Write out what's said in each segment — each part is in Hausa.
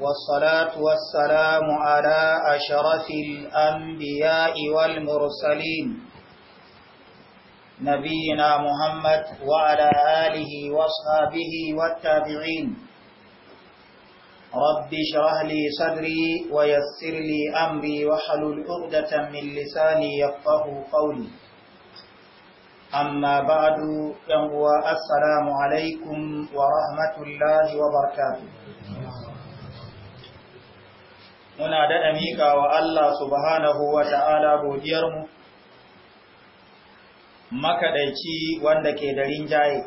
والصلاة والسلام على أشرف الأنبياء والمرسلين نبينا محمد وعلى آله وصحابه والتابعين رب اشرح لي صدري ويسر لي أمري واحلل عقدة من لساني يفقه قولي أما بعد ينبوى السلام عليكم ورحمة الله وبركاته muna daɗa miƙa wa Allah subhanahu wa ta'ala godiyarmu, makaɗaici wanda ke da rinjaye,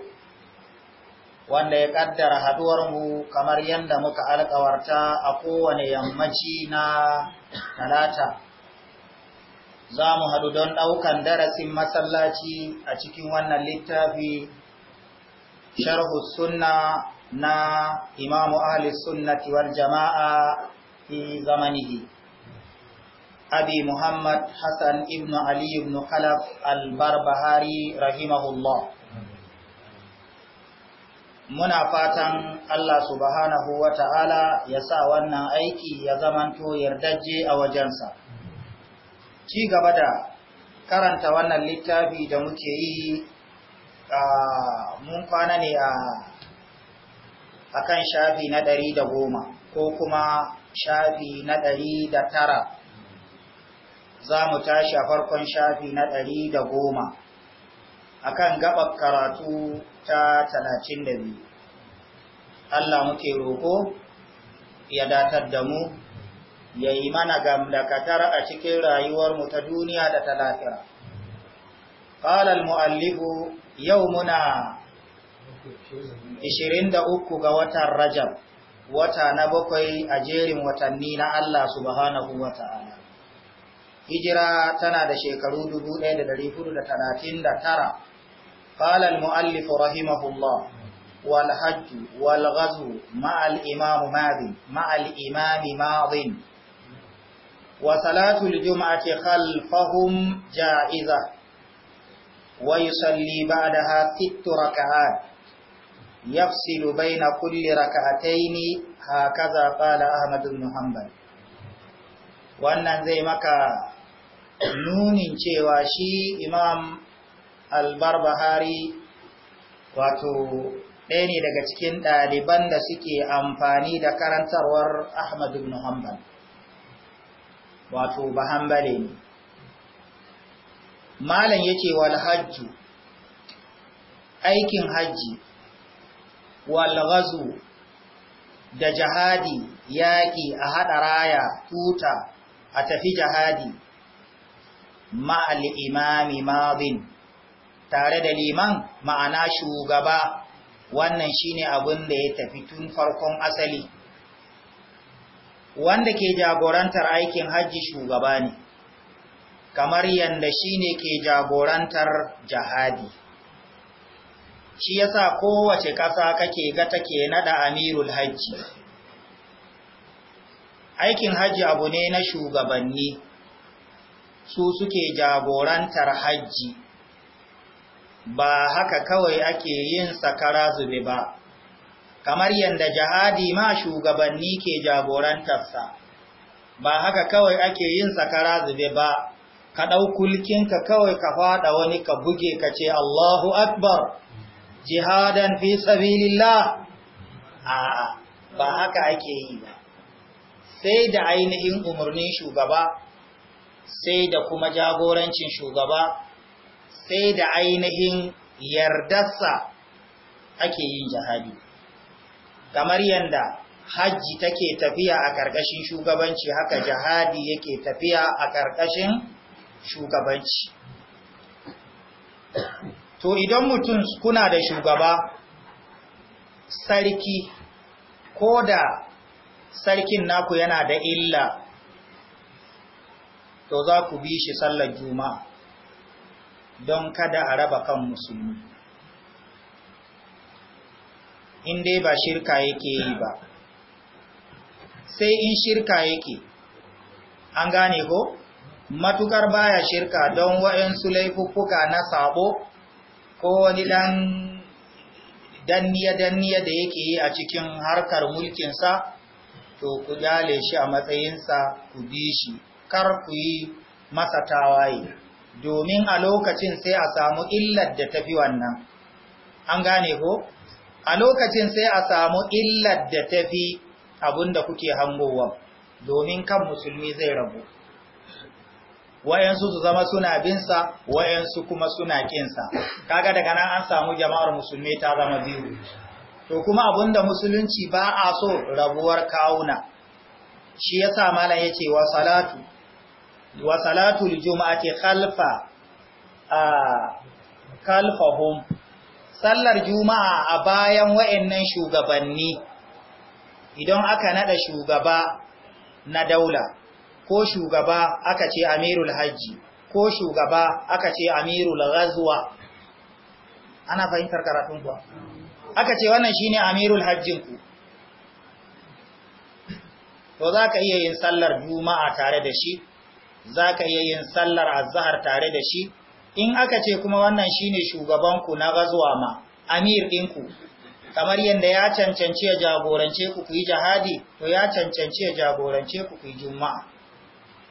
wanda ya ƙaddara haɗuwarmu kamar yadda muka alƙawarta a kowane yammaci na talata. Za mu haɗu don ɗaukan darasin masallaci a cikin wannan littafi, sharhu sunna na imamu ahli sunnati wal jama'a في زمنه أبي محمد حسن ابن علي بن خلف البربهاري رحمه الله muna fatan Allah subhanahu wa ta'ala ya sa wannan aiki ya zamanto yardaje a wajensa. Ci gaba da karanta wannan littafi da muke yi a mun kwana ne a akan shafi na ɗari da goma ko kuma shafi na ɗari da tara za mu tashi a farkon shafi na ɗari da goma a kan gaɓar karatu ta talatin da biyu Allah muke roko ya datar da mu ya yi mana gamdakatar a cikin rayuwarmu ta duniya da ta lafiya. Ƙalal mu'allifu yau muna uku ga watan Rajab. wata na bakwai a jerin watanni na Allah subhanahu wa ta'ala. Hijira tana da shekaru 1439, ƙalal mu'allifu rahimahullah, wal hajju wal gazu ma'al imamu mazin, ma'al imami mazin, wa juma'a ke khalfahum ja'iza, wa yusalli ba'daha sittu raka'at يفصل بين كل ركعتين هكذا قال أحمد بن حنبل wannan zai maka nunin cewa shi imam albarbahari wato ɗaya ne daga cikin ɗaliban da suke amfani da karantarwar ahmad ibn hanbal wato bahambale ne malam yace wal hajju aikin hajji walghazu da jihadi yaƙi a haɗa raya tuta a tafi jihadi ma'al imami madin tare da liman ma'ana shugaba wannan shine abin da ya tafi tun farkon asali wanda ke jagorantar aikin hajji shugaba ne kamar yanda shine ke jagorantar jihadi shi yasa kowace ƙasa kake ga take naɗa amirul hajji aikin hajji abu ne na shugabanni su suke jagorantar hajji ba haka kawai ake yin sakara zube ba kamar yadda jihadi ma shugabanni ke jagorantarsa ba haka kawai ake yin sakara zube ba ka ɗau kulkinka kawai ka faɗa wani ka buge ka ce Allahu Akbar jihadan fi sabilillah a ba haka ake yi ba sai da ainihin umarnin shugaba sai da kuma jagorancin shugaba sai da ainihin yardarsa ake yin jihadi kamar yadda hajji take tafiya a ƙarƙashin shugabanci haka jihadi yake tafiya a ƙarƙashin shugabanci to idan mutum kuna da shugaba sarki ko da sarkin naku yana da illa to za ku bi shi sallar juma'a don kada a raba kan musulmi in dai ba shirka yake yi ba sai in shirka yake an gane ko matukar baya shirka don waɗansu laifuka na sabo ko wani ɗan danniya-danniya da yake yi a cikin harkar mulkinsa to ku dale shi a matsayin sa ku bi shi kar ku yi masa tawaye domin a lokacin sai a samu illar da tafi wannan an gane ko a lokacin sai a samu illar da tafi abinda kuke hangowa domin kan musulmi zai rabu wayansu su zama suna binsa wayansu kuma suna kinsa kaga daga nan an samu jama'ar musulmi ta zama biyu to kuma abinda musulunci ba a so rabuwar kawuna shi yasa malam yace wa salatu wa salatu aljum'ati khalfa a kalfahum sallar juma'a a bayan wayannan shugabanni idan aka nada shugaba na daula ko shugaba aka ce amirul hajji ko shugaba aka ce amirul ghazwa ana fahimtar karatun kuwa aka ce wannan shine amirul hajjin ku to za ka iya yin sallar juma'a tare da shi za ka iya yin sallar azhar tare da shi in aka ce kuma wannan shine shugabanku na ghazwa ma amir ku kamar yadda ya cancanci ya jagorance ku ku yi jihadi to ya cancanci ya jagorance ku ku yi juma'a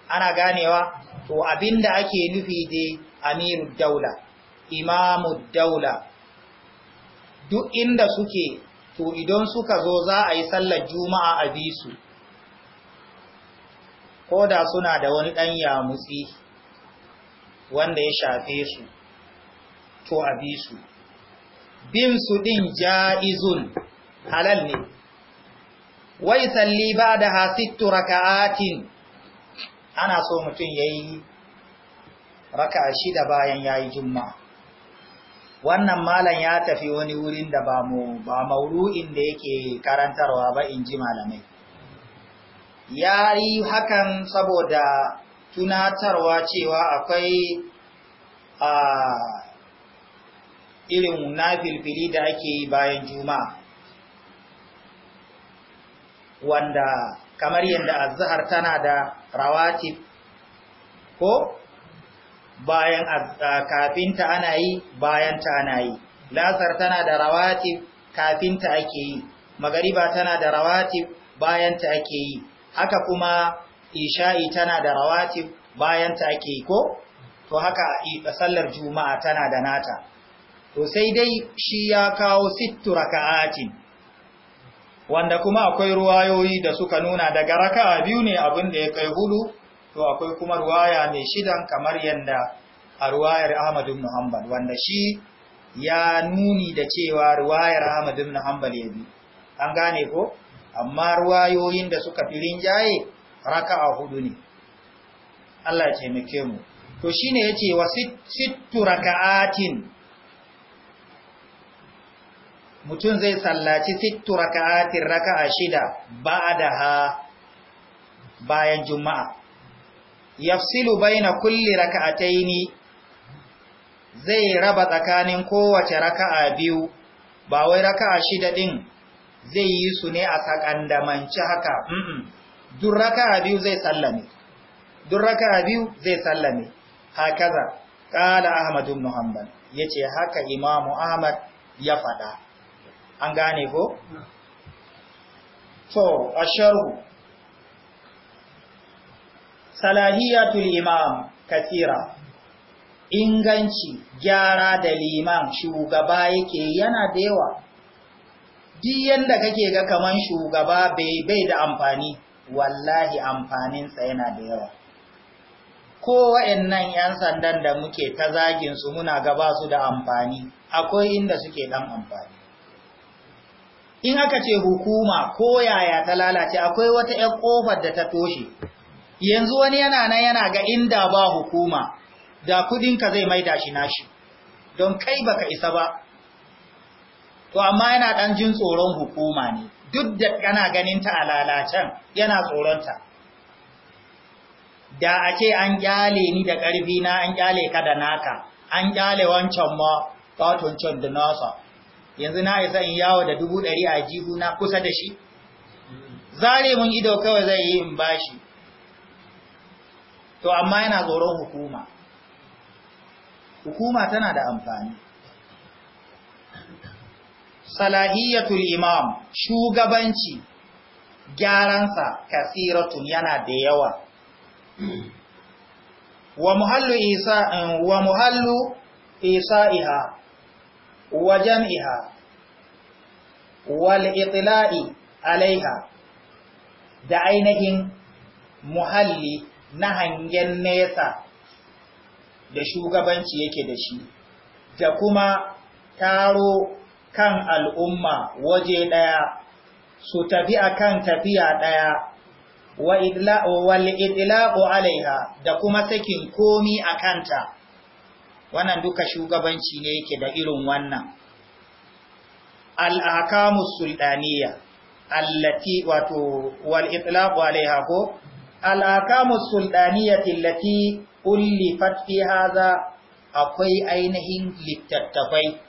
ana ganewa to abinda ake nufi da amirud daula imamud daula duk inda suke to idan suka zo za a yi sallar juma'a a bisu ko suna da wani ɗan yamutsi wanda ya shafe su to a bisu bin su ɗin ja'izun halal ne wai salli ba da hasittu raka'atin ana so mutum ya yi raka shida bayan ya yi jumma wannan malam ya tafi wani wurin da ba mu, ba mauru'in da yake karantarwa ba in ji malamai ya yi hakan saboda tunatarwa cewa akwai a irin na filfili da ake yi bayan juma'a wanda kamar yadda azahar tana da rawatib ko bayan kafinta ana yi bayan ta ana yi lasar tana da rawatib kafinta ake yi magariba tana da rawatib bayan ta ake yi haka kuma isha'i tana da rawatib bayan ta ake yi ko to haka sallar juma'a tana da nata to sai dai shi ya kawo sittu raka'atin wanda kuma akwai ruwayoyi da suka nuna daga raka'a biyu ne abin da ya kai hudu to akwai kuma ruwaya mai shidan kamar yadda a ruwayar Ahmadu ibn wanda shi ya nuni da cewa ruwayar Ahmadu ibn ya bi an gane ko amma ruwayoyin da suka fi rinjaye raka'a hudu ne Allah ya taimake mu to shine yace wa sittu raka'atin mutum zai sallaci sittu raka'atin raka'a shida ha bayan juma'a yafsilu baina kulli raka'ataini zai raba tsakanin kowace raka'a biyu ba wai raka'a shida din zai yi su ne a sakandamanci haka mm dun raka'a biyu zai sallame dun raka'a biyu zai sallame hakaza qala ahmadu muhammad yace haka imamu ahmad ya faɗa. an gane ko to asharu salahiyatul imam kasira inganci gyara da liman shugaba yake yana da yawa duk kake ga kaman shugaba bai da amfani wallahi amfaninsa yana da yawa ko wa'annan 'yan sandan da muke ta zagin su muna gaba su da amfani akwai inda suke dan amfani in aka ce hukuma ko yaya ta lalace akwai wata ƴan ƙofar da ta toshe yanzu wani yana nan yana ga inda ba hukuma da kudin ka zai maida shi nashi don kai baka isa ba to amma yana ɗan jin tsoron hukuma ne duk da kana ganin ta a lalacen yana ta. da a an kyale ni da karfi na an kyale ka da naka an kyale wancan ma katon can da nasa yanzu na isa in yawo da dubu ɗari a jihu na kusa da shi zare mun ido kawai zai yi in bashi to amma yana tsoron hukuma hukuma tana da amfani salahiyatul imam shugabanci gyaransa kasiratun yana da yawa wa muhallu isa wa muhallu iha wa jam'iha wal itla'i alaiha da ainihin muhalli na hangen nesa da shugabanci yake da shi da kuma taro kan al'umma waje ɗaya su tafi akan tafiya ɗaya wal itlaƙo alaiha da kuma sakin komi akanta. wannan duka shugabanci ne yake da irin wannan al'akamu sultaniya allati wato wal itlaq alaiha ko al'akamu sultaniyati allati ullifat fi hadha akwai ainihin littattafai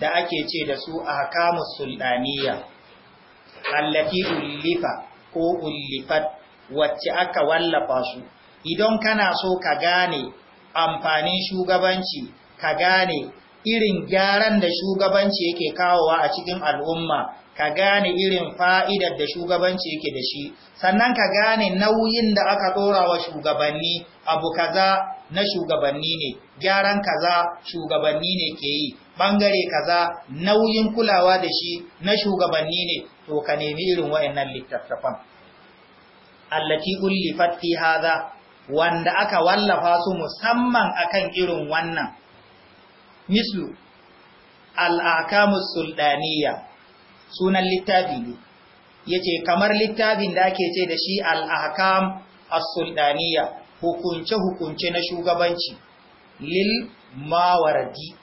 da ake ce da su ahkamu sultaniya allati ullifa ko ullifat wacce aka wallafa su idan kana so ka gane amfanin shugabanci ka gane irin gyaran da shugabanci yake kawowa a cikin al'umma ka gane irin fa'idar da shugabanci yake da shi sannan ka gane nauyin da aka dora wa shugabanni abu kaza na shugabanni ne gyaran kaza shugabanni ne ke yi ɓangare kaza nauyin kulawa da shi na shugabanni ne to ka nemi irin wa'annan littattafan allati ullifat fi hadha wanda aka wallafa su musamman akan irin wannan mislu al'akamus sultaniya sunan littafi ne yace kamar littafin da ake ce da shi al'akam as-sultaniya hukunce hukunce na shugabanci lil mawardi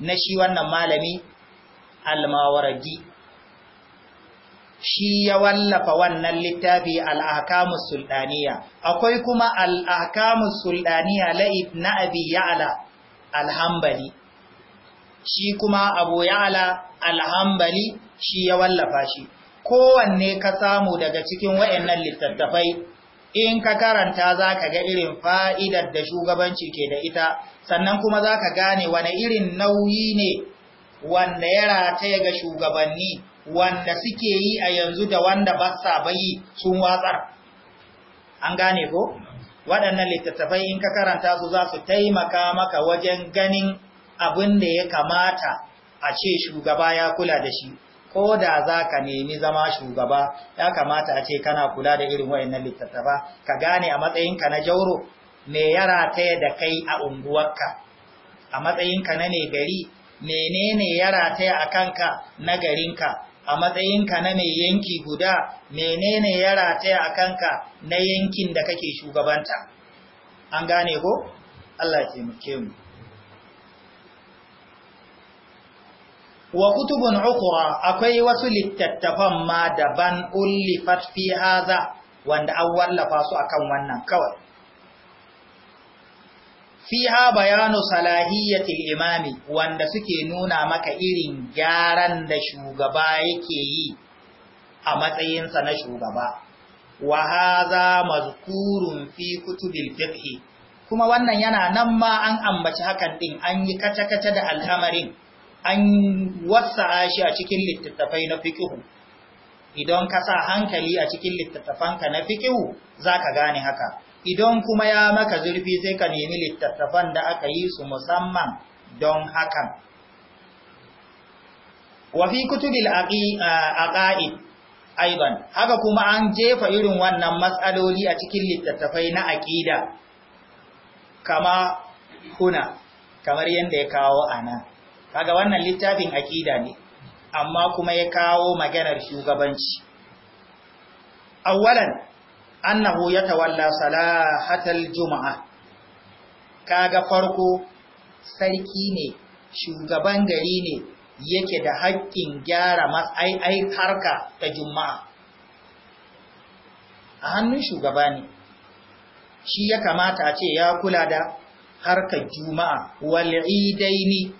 na shi wannan malami al-mawardi shi ya wallafa wannan littafi al'akamun sultaniya akwai kuma al'akamun sultaniya la'ib na abi ya'ala alhambali shi kuma abu ya'ala alhambali shi ya wallafa shi kowanne ka samu daga cikin wa'yannan littattafai in ka karanta za ka ga irin fa'idar da shugabanci ke da ita sannan kuma za ka gane wane irin nauyi ne wanda ya rataya ga shugabanni wanda suke yi a yanzu da wanda ba sa bayi sun watsar an gane ko waɗannan littattafai in ka karanta su za su taimaka maka wajen ganin abin da ya kamata a ce shugaba ya kula da shi ko da za ka nemi zama shugaba ya kamata a ce kana kula da irin waɗannan littattafa ka gane a matsayinka na jauro me ya rataya da kai a unguwarka a matsayinka na ne gari menene ya rataya a kanka na garinka a matsayinka na mai yanki guda menene ya rataya a kanka na yankin da kake shugabanta an gane ko Allah ya taimake mu wa kutubun ukura akwai wasu littattafan ma daban ullifat fi haza wanda an wallafa su akan wannan kawai fiha bayanu salahiyatil imami wanda suke nuna maka irin gyaran da shugaba yake yi a matsayinsa na shugaba wa haza mazkurun fi kutubil fiqh kuma wannan yana nan ma an ambaci hakan din an yi kace-kace da al'amarin an wasa shi a cikin littattafai na fiqh idan ka sa hankali a cikin littattafanka na fiqh zaka gane haka idan kuma ya maka zurfi sai ka nemi littattafan da aka yi su musamman don hakan wafi kutubil aqaid aiban haka kuma an jefa irin wannan matsaloli a cikin littattafai na aƙida. kama kuna kamar yadda ya kawo ana kaga wannan littafin aƙida ne amma kuma ya kawo maganar shugabanci awwalan annahu ya tawalla salahatal juma'a kaga farko sarki ne shugaban gari ne yake da haƙƙin gyara ai harka ta juma'a a hannun shugaba ne shi ya kamata a ce ya kula da harkar juma'a idaini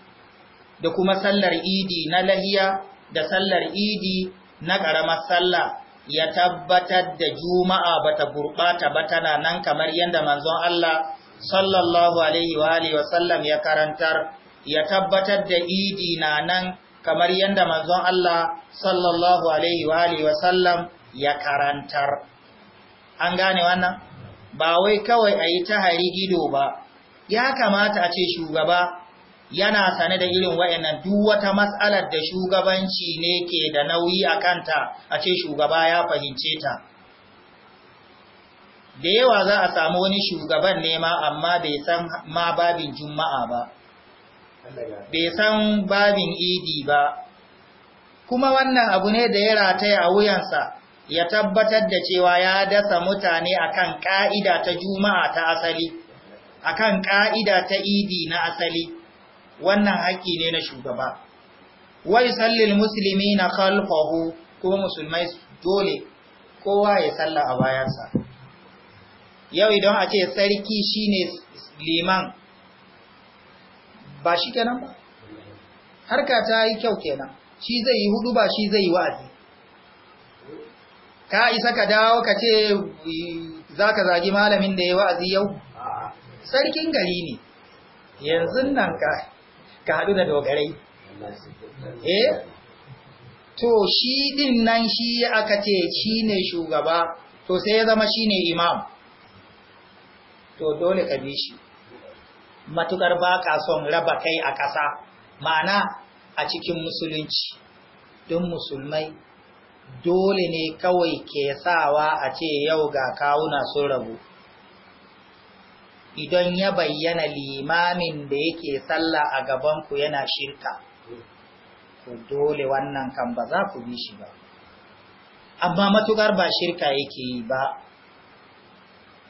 da kuma sallar idi na lahiya da sallar idi na ƙaramar sallah ya tabbatar da juma'a bata gurɓata ba tana nan kamar yadda manzon Allah sallallahu alaihi wa alihi wa sallam ya karantar ya tabbatar da idi na nan kamar yadda manzon Allah sallallahu alaihi wa alihi wa sallam ya karantar an gane wannan ba wai kawai a yi tahari ido ba ya kamata a ce shugaba yana sane da irin wa'annan duk wata mas'alar da shugabanci ne ke da nauyi a kanta a ce shugaba ya fahimce ta. Da yawa za a samu wani shugaban nema amma bai san ma babin juma'a ba, bai san babin idi ba, kuma wannan abu ne da ya rataya a wuyansa ya tabbatar da cewa ya dasa mutane akan ƙa'ida ta juma'a ta asali, akan ƙa'ida ta idi na asali. wannan haƙƙi ne na shugaba Wai wa yusallil na khalfahu ko musulmai dole kowa ya salla a bayansa yau idan a ce sarki shine liman ba shi kenan ba harka ta yi kyau kenan shi zai yi hudu ba shi zai yi wa'azi ka isa ka dawo ka ce za ka zagi malamin da ya wa'azi yau sarkin gari ne yanzu nan ka ka haɗu da dogarai eh to shi ɗin nan shi aka ce shi ne shugaba to sai ya zama shi ne imam to dole ka bi shi Matuƙar ba ka son raba kai a ƙasa ma'ana a cikin musulunci don musulmai dole ne kawai ke sawa a ce yau ga kawuna sun rabu idan ya bayyana limamin da yake sallah a gabanku yana shirka, ku dole wannan kan ba za ku bi shi ba. Amma matuƙar ba shirka yake yi ba,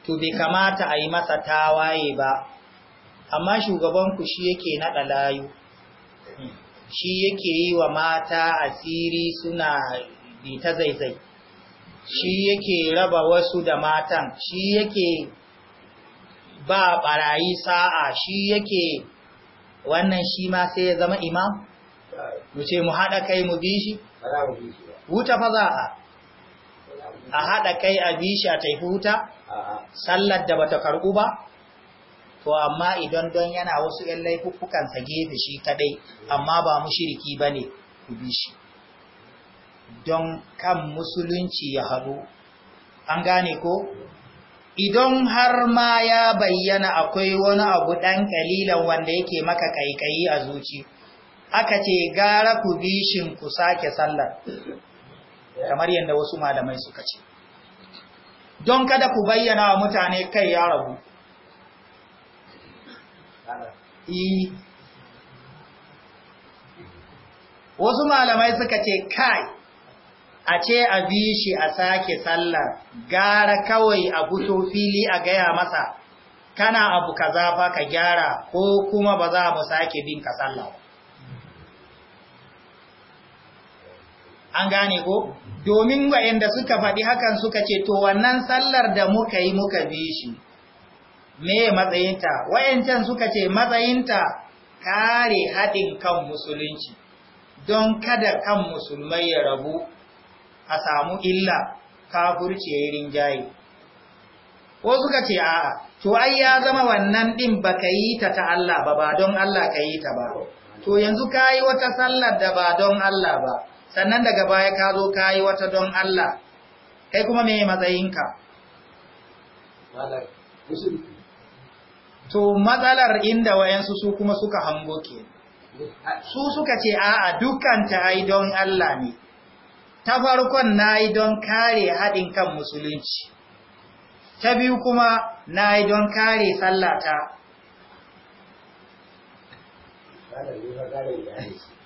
to bai kamata a yi masa tawaye ba, amma shugabanku shi yake naɗa layu, shi yake yi wa mata asiri suna bi bita zaizai. Shi yake raba wasu da matan, shi yake ba barayi sa'a shi yake wannan shi ma sai ya zama imam mu ce mu haɗa kai mu bi shi wuta fa za a a haɗa kai a bi shi a taifi wuta sallar da bata karɓu ba to amma idan don yana wasu ‘yan laifuffukansa gefe shi kadai amma ba mu shiriki ba ne ku bi shi don kan musulunci ya haɗu an gane ko idan har ma ya bayyana akwai wani abu ɗan ƙalilan wanda yake maka ƙaiƙayi a zuci aka ce gara ku bishin ku sake sallar kamar yadda wasu malamai suka ce don kada ku bayyana wa mutane kai ya rabu e, wasu malamai suka ce kai a ce a bi shi a sake sallar gara kawai a fito fili a gaya masa kana abu kaza fa ka gyara ko kuma ba za mu sake bin ka sallah an gane ko domin wayanda suka faɗi hakan suka ce to wannan sallar da muka yi muka bi shi me matsayinta wayancan suka ce matsayinta kare haɗin kan musulunci don kada kan musulmai ya rabu a samu illa kafurci ya yi rinjaye ko suka ce a'a to ai ya zama wannan din baka yi ta ta Allah ba ba don Allah ka yi ta ba to yanzu yi wata sallar da ba don Allah ba sannan daga baya ka zo yi wata don Allah kai kuma me matsayinka to matsalar inda wayansu su kuma suka hango ke su suka ce a'a dukkan ta ai don Allah ne ta farkon na yi don kare haɗin kan musulunci ta biyu kuma na yi don kare sallata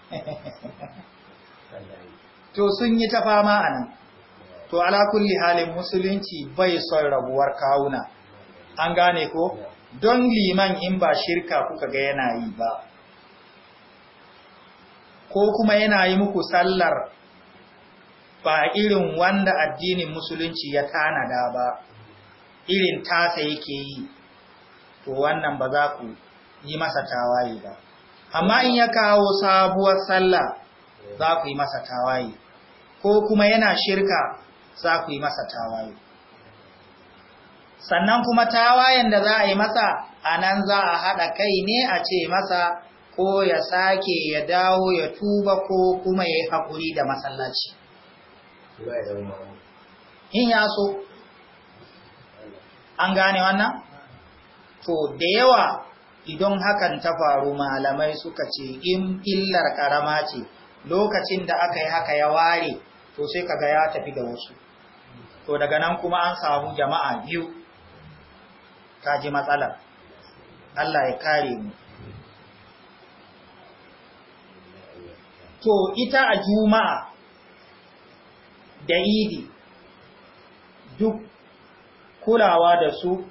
to sun yi ta fama a nan to alakulli halin musulunci bai son rabuwar kawuna an gane ko don liman in ba shirka kuka ga yana yi ba ko kuma yana yi muku sallar ba irin wanda addinin musulunci ya tanada ba irin tasa yake yi to wannan ba za ku yi masa tawaye ba amma in ya kawo sabuwar sallah za ku yi masa tawaye ko kuma yana shirka za ku yi masa tawaye sannan kuma tawayen da za a yi masa a nan za a haɗa kai ne a ce masa ko ya sake ya dawo ya tuba ko kuma ya yi haƙuri da masallaci in ya so an gane wannan to da yawa idan hakan ta faru malamai suka ce in illar karama ce lokacin da aka yi haka ya ware to sai kaga ya tafi da wasu to daga nan kuma an samu jama'a biyu Ta ji matsalar Allah ya kare mu to ita a juma'a da idi duk kulawa da su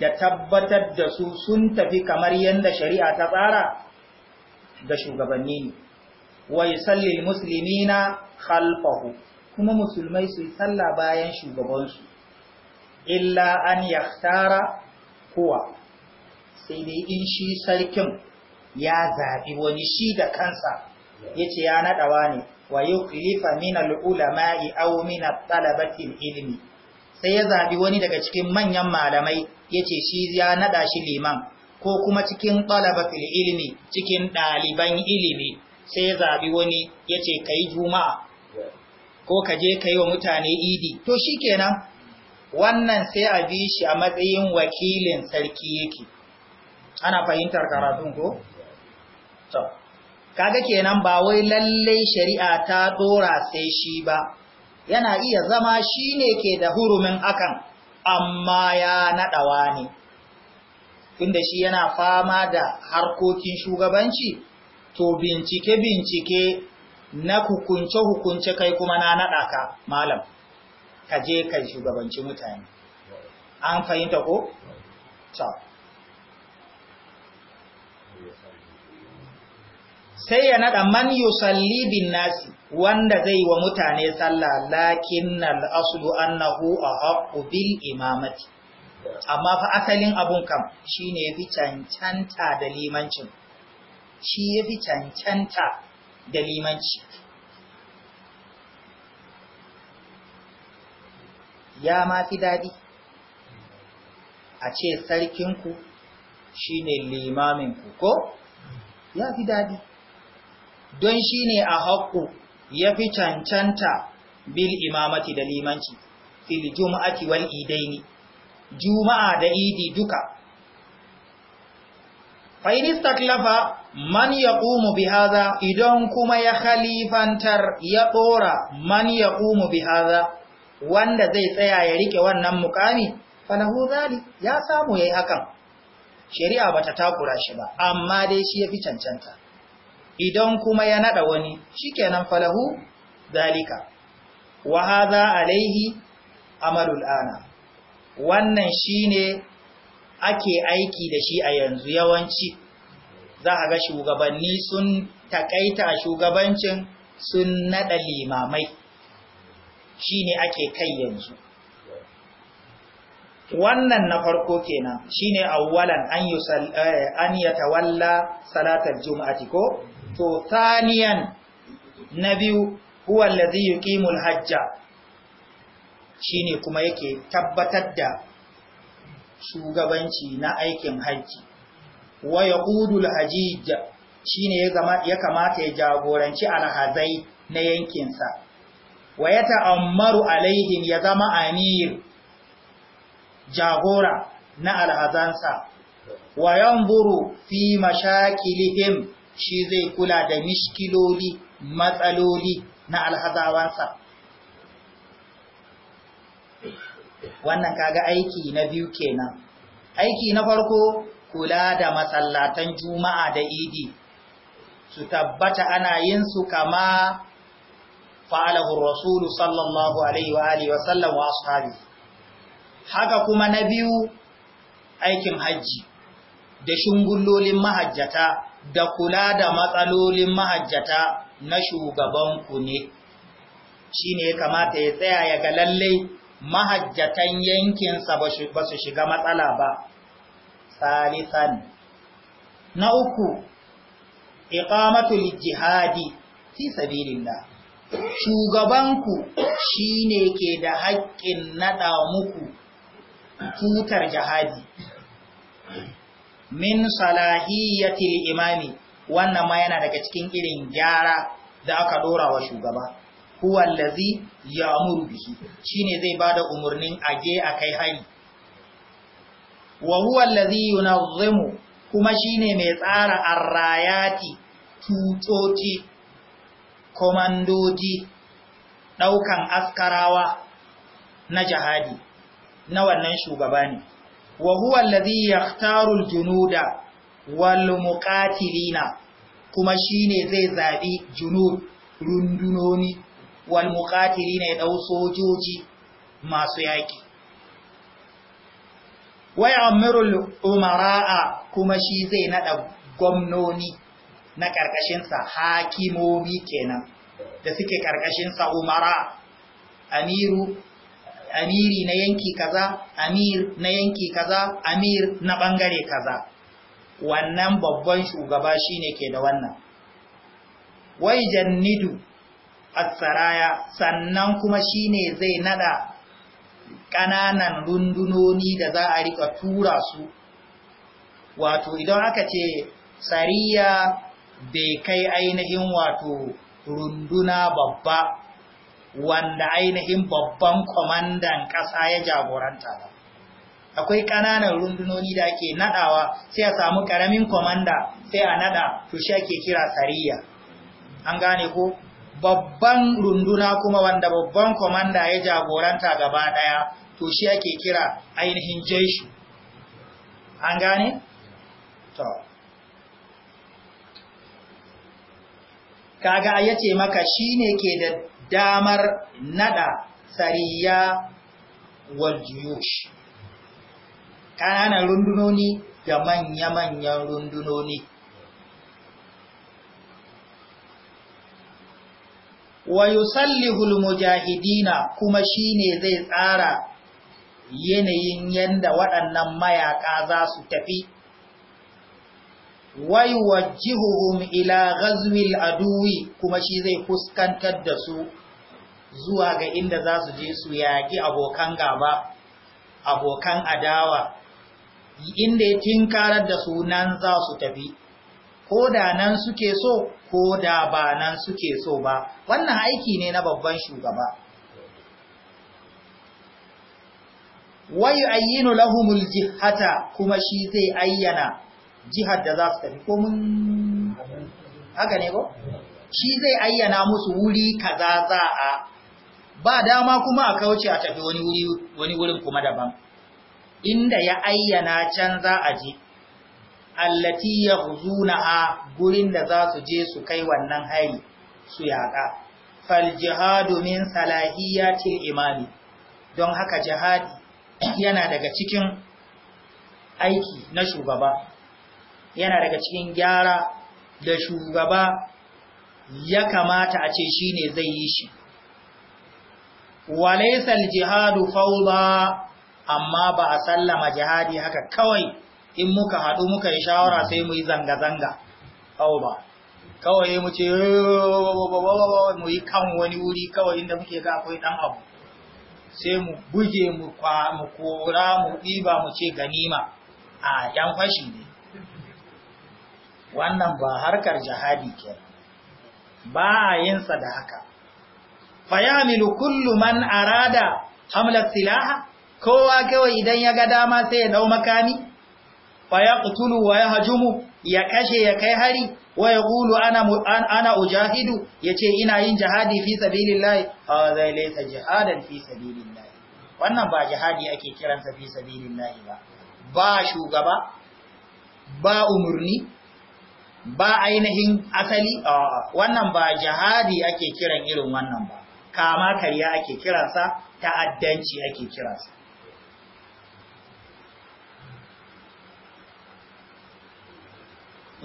da tabbatar da su sun tafi kamar yadda shari'a ta tsara ga shugabanni ne wa Musulmi na khalfahu kuma musulmai su yi sallah bayan shugabansu illa an yahtara kuwa sai dai in shi sarkin ya zaɓi wani shi da kansa ya ce ya naɗawa ne wa yukhlifa min al-ulama'i aw min at-talabati al-ilmi sai ya zabi wani daga cikin manyan malamai yace shi ya nada shi liman ko kuma cikin al ilmi cikin daliban ilimi sai ya zabi wani yace kai juma'a ko kaje je kai wa mutane idi to shikenan wannan sai a bi shi a matsayin wakilin sarki yake ana fahimtar karatun ko to kaga kenan ba wai lalle shari'a ta dora sai shi ba yana iya zama shine ke da hurumin akan amma ya naɗawa ne tunda shi yana fama da harkokin shugabanci to bincike-bincike na hukunce-hukunce kai kuma na naɗa ka malam ka je kai shugabanci mutane an fahimta ko? ta sai ya nada man yusalli bin nasi wanda zai wa mutane sallah lakinnal aslu annahu ahqqu bil imamati amma fa asalin abun kam shine yafi cancanta da limancin shi yafi cancanta da limanci ya ma fi dadi a ce sarkinku shine limaminku ko ya fi dadi don shi ne a haƙƙo ya fi cancanta bil imamati da limanci fil juma'ati wal idaini juma'a da idi duka lafa man ya ƙumu bi haza idan kuma ya khalifantar ya ɓora man ya ƙumu bi haza wanda zai tsaya ya rike wannan mukami falahu zali ya samu ya yi hakan shari'a bata takura shi ba amma dai shi ya fi cancanta idan kuma ya nada wani shikenan falahu zalika wa hadha alaihi amalul ana wannan shine ake aiki da shi a yanzu yawanci za a ga shugabanni sun takaita a shugabancin sun nada limamai shine ake kai yanzu wannan na farko kenan shine awwalan an yusal eh, an yatawalla salatal Juma'ati ko to thaniyan na biyu huwa zai yuqimul hajja shine kuma yake tabbatar da shugabanci na aikin hajji wa yaqudul shi shine ya kamata ya jagoranci alhazai na yankinsa wa ya ta'ammaru alaihim ya zama amir jagora na alhazansa wa yanzuru fi mashakilihim shi zai kula da mishkiloli matsaloli na alhazawansa wannan kaga aiki na biyu kenan aiki na farko kula da masallatan juma'a da idi su tabbata ana yin su kama fa'alahu rasulu sallallahu alaihi wa alihi wa sallam wa ashabi haka kuma na biyu aikin hajji da shungullolin mahajjata da kula da matsalolin mahajjata na shugabanku ne, shi ne ya kamata ya tsaya ya ga lallai mahajjatan yankinsa ba su shiga matsala ba, salisan. Na uku, iqamatul jihadi fi sabilillah. Shugabanku shi ne ke da haƙƙin naɗa muku tutar jihadi. min salahiyatil imami wannan ma yana daga cikin irin gyara da aka dora wa shugaba huwa allazi ya'muru bihi shine zai bada umurnin age akai hari wa huwa allazi yunazzimu kuma shine mai tsara arrayati tutoti komandoji daukan askarawa na jihadi na wannan shugaba ne wa huwa alladhi yakhtaru aljunuda junuda wal muqatilina kuma shine zai zabi junud rundunoni wal muqatilina ya dau sojoji masu yaki wa ya'muru umaraa kuma shi zai nada gwamnoni na sa hakimomi kenan da suke ƙarƙashinsa umara amiru amiri na yanki kaza amir na yanki kaza amir na bangare kaza wannan babban shugaba shine ke da wannan wai jannidu asaraya sannan kuma shine zai nada kananan rundunoni da za a rika tura su wato idan aka ce sariya bai kai ainihin wato runduna babba wanda ainihin babban kwamandan ƙasa ya jagoranta ba akwai ƙananan rundunoni da ke naɗawa, sai a samu ƙaramin kwamanda sai a naɗa to shi ake kira sariya an gane ko babban runduna kuma wanda babban kwamanda ya jagoranta gaba ɗaya to shi ake kira ainihin jeshi an gane? to kaga ya ce maka shi ne ke da damar nada sariya wa juyush ƙananan rundunoni da manya-manyan rundunoni wa yusallihul mujahidina kuma shine zai tsara yanayin yanda waɗannan mayaka za su tafi wai wajihuhum ila ghazwil aduwi kuma shi zai fuskantar da su zuwa ga inda za su je su yaƙi abokan gaba abokan adawa inda ya tinkarar da su nan za su tafi ko da nan suke so ko da ba nan suke so ba wannan aiki ne na babban shugaba wayu ayyinu lahumul jihata kuma shi zai ayyana jihar da za su tafi ko mun haka ne ko shi zai ayyana musu wuri kaza za a ba dama kuma a kauce a tafi wani wuri wani wurin kuma daban inda ya ayyana can za a je allati a gurin da za su je su kai wannan hari su yaka fal jihadu min salahiyatil imami don haka jihadi yana daga cikin aiki na shugaba yana daga cikin gyara da shugaba ya kamata a ce shi ne zai yi shi walaisal jihadu fauda amma ba a sallama jihadi haka kawai in muka haɗu muka yi shawara sai mu yi zanga-zanga fauda kawai mu ce mu yi kan wani wuri kawai inda muke ga akwai ɗan abu sai mu buge mu kora mu ɗiba mu ce ganima a ‘yan fashi ne wannan ba harkar jihadi ke ba a yinsa da haka fayamilu kullu man arada hamla silaha kowa kawai idan ya ga dama sai ya dau makami faya qutulu wa yahjumu ya kashe ya kai hari wa yaqulu ana ana ujahidu yace ina yin jihadi fi sabilillah hadha laysa jihadan fi sabilillah wannan ba jihadi ake kiransa fi sabilillah ba ba shugaba ba umurni ba ainihin asali wannan ba jihadi ake kiran irin wannan ba kama karya ake kiransa ta'addanci ake kiransa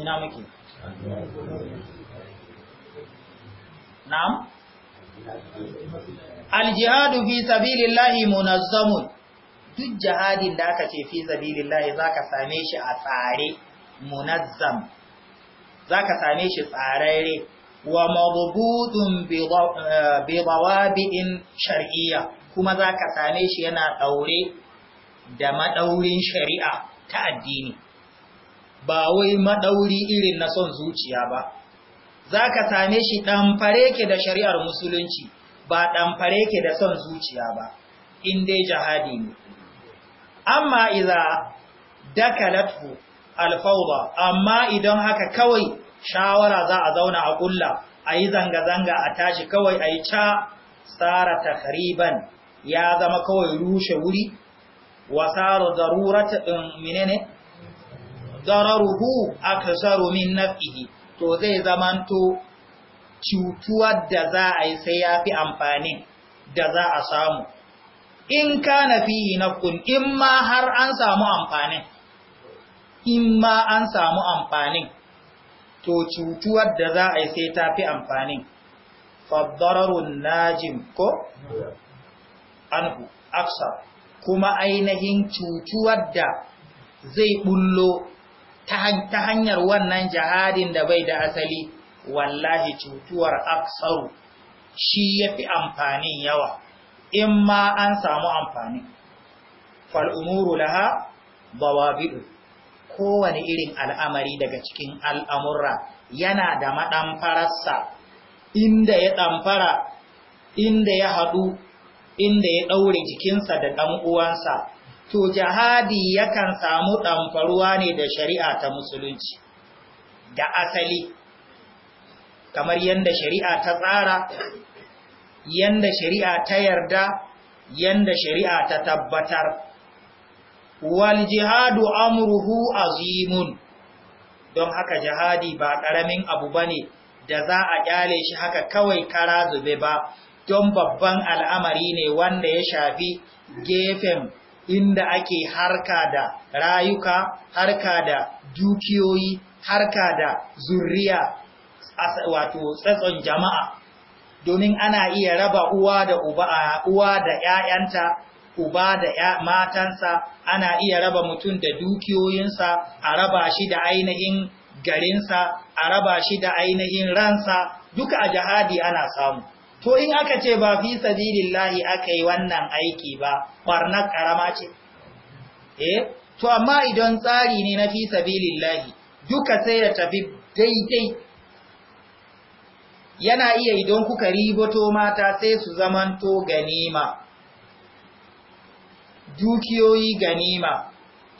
ina muke na'am al-jihadu fi sabilillahi munazzamun duk jihadin da aka ce fi sabilillahi zaka same shi a tsare munazzam zaka same shi tsararre wa mabudun bi dawabi'in eh, shar'iyya kuma zaka same shi yana daure da madaurin shari'a ta addini ba wai madauri irin na son zuciya ba zaka same shi dan ke da shari'ar musulunci ba dan ke da son zuciya ba in dai jihadi ne amma idza dakalatu alfauda amma idan haka kawai shawara za a zauna a kulla a yi zanga-zanga a tashi kawai a yi ca tsara takriban ya zama kawai rushe wuri wasaru zarurata ɗin um, menene dararuhu aksaru min naf'ihi to zai zamanto cutuwar da za a yi sai ya fi amfanin da za a samu in kana fi nafkun in ma har an samu amfanin in ma an samu amfanin to cutuwar da za a yi sai ta fi amfanin fadararun najim ko anhu afsa kuma ainihin cutuwar da zai bullo ta hanyar wannan jihadin da bai da asali wallahi cutuwar aksaru shi ya fi amfanin yawa in ma an samu amfanin fal'umuru laha biɗu. kowane irin al'amari daga cikin al'amurra yana da maɗamfararsa inda ya ɗamfara inda ya haɗu inda ya ɗaure jikinsa da ɗan'uwansa to jihadi yakan samu ɗamfaruwa ne da shari'a ta musulunci da asali kamar yadda shari'a ta tsara yadda shari'a ta yarda yadda shari'a ta tabbatar wal jihadu amruhu azimun don haka jihadi ba ƙaramin abu bane da za a kyale shi haka kawai kara zube ba don babban al'amari ne wanda ya shafi gefen inda ake harka da rayuka, harka da dukiyoyi, harka da zurriya wato tsatson jama'a, domin ana iya raba uwa da uba uwa da ‘ya'yanta, uba da matansa ana iya raba mutum da dukiyoyinsa a raba shi da ainihin garinsa a raba shi da ainihin ransa duka a jihadi ana samu to in aka ce ba fi sabilillahi aka yi wannan aiki ba barnar karama ce eh to amma idan tsari ne na fi sabilillahi duka sai ya tafi daidai yana iya idan kuka riboto mata sai su zamanto ganima dukiyoyi ganima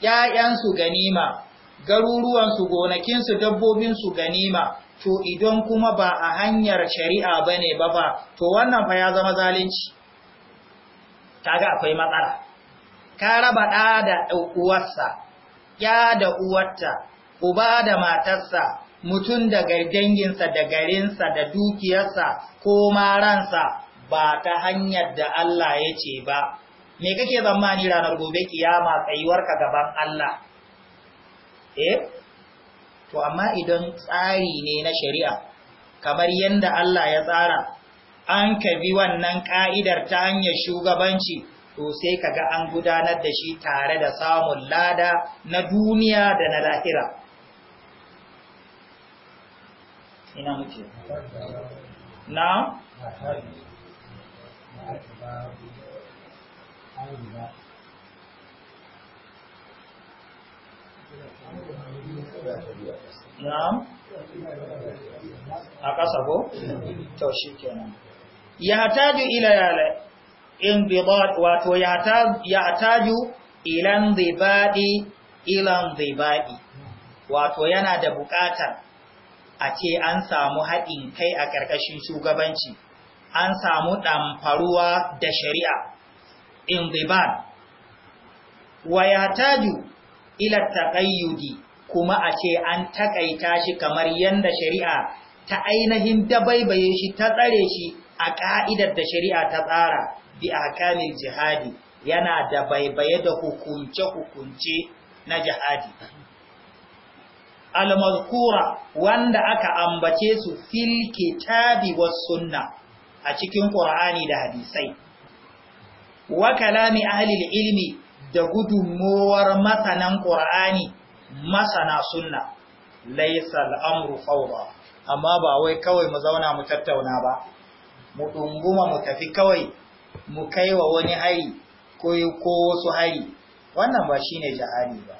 ‘ya'yansu ganima garuruwansu gonakinsu dabbobinsu ganima to idan kuma ba a hanyar shari'a ba ne ba ba to wannan fa ya zama zalunci kaga akwai matsala ka raba ɗa da uwarsa ya da uwarta uba da matarsa mutum da danginsa da garinsa da dukiyarsa ko ma ransa ba ta hanyar da Allah ya ce ba me kake zammani ranar gobe kiyama tsayuwarka gaban Allah eh to amma idan tsari ne na shari'a kamar yanda Allah ya tsara an ka bi wannan ka'idar ta hanyar shugabanci to sai kaga an gudanar da shi tare da samun lada na duniya da na lahira ina muke na na'am a ƙasa ko to shikenan yahtaju ila yala inbidad wato yahtaju ilan zibadi ilan zibadi wato yana da buƙatar a ce an samu haɗin kai a ƙarƙashin shugabanci an samu ɗamfaruwa da shari'a inzibar wa taju ila taqayyudi kuma a ce an taƙaita shi kamar yadda shari'a ta ainihin dabaibaye shi ta tsare shi a ka'idar da shari'a ta tsara bi jihadi yana da baibaye da hukunce-hukunce na jihadi al-mazkura wanda aka ambace su fil kitabi was sunna a cikin qur'ani da hadisai wa kalami ahlil ilmi da gudunmowar masanan ƙur'ani masana sunna laisa al'amru fawda amma ba wai kawai mu zauna mu tattauna ba mu dunguma mu tafi kawai mu kai wa wani hari ko ko wasu hari wannan ba shine jahani ba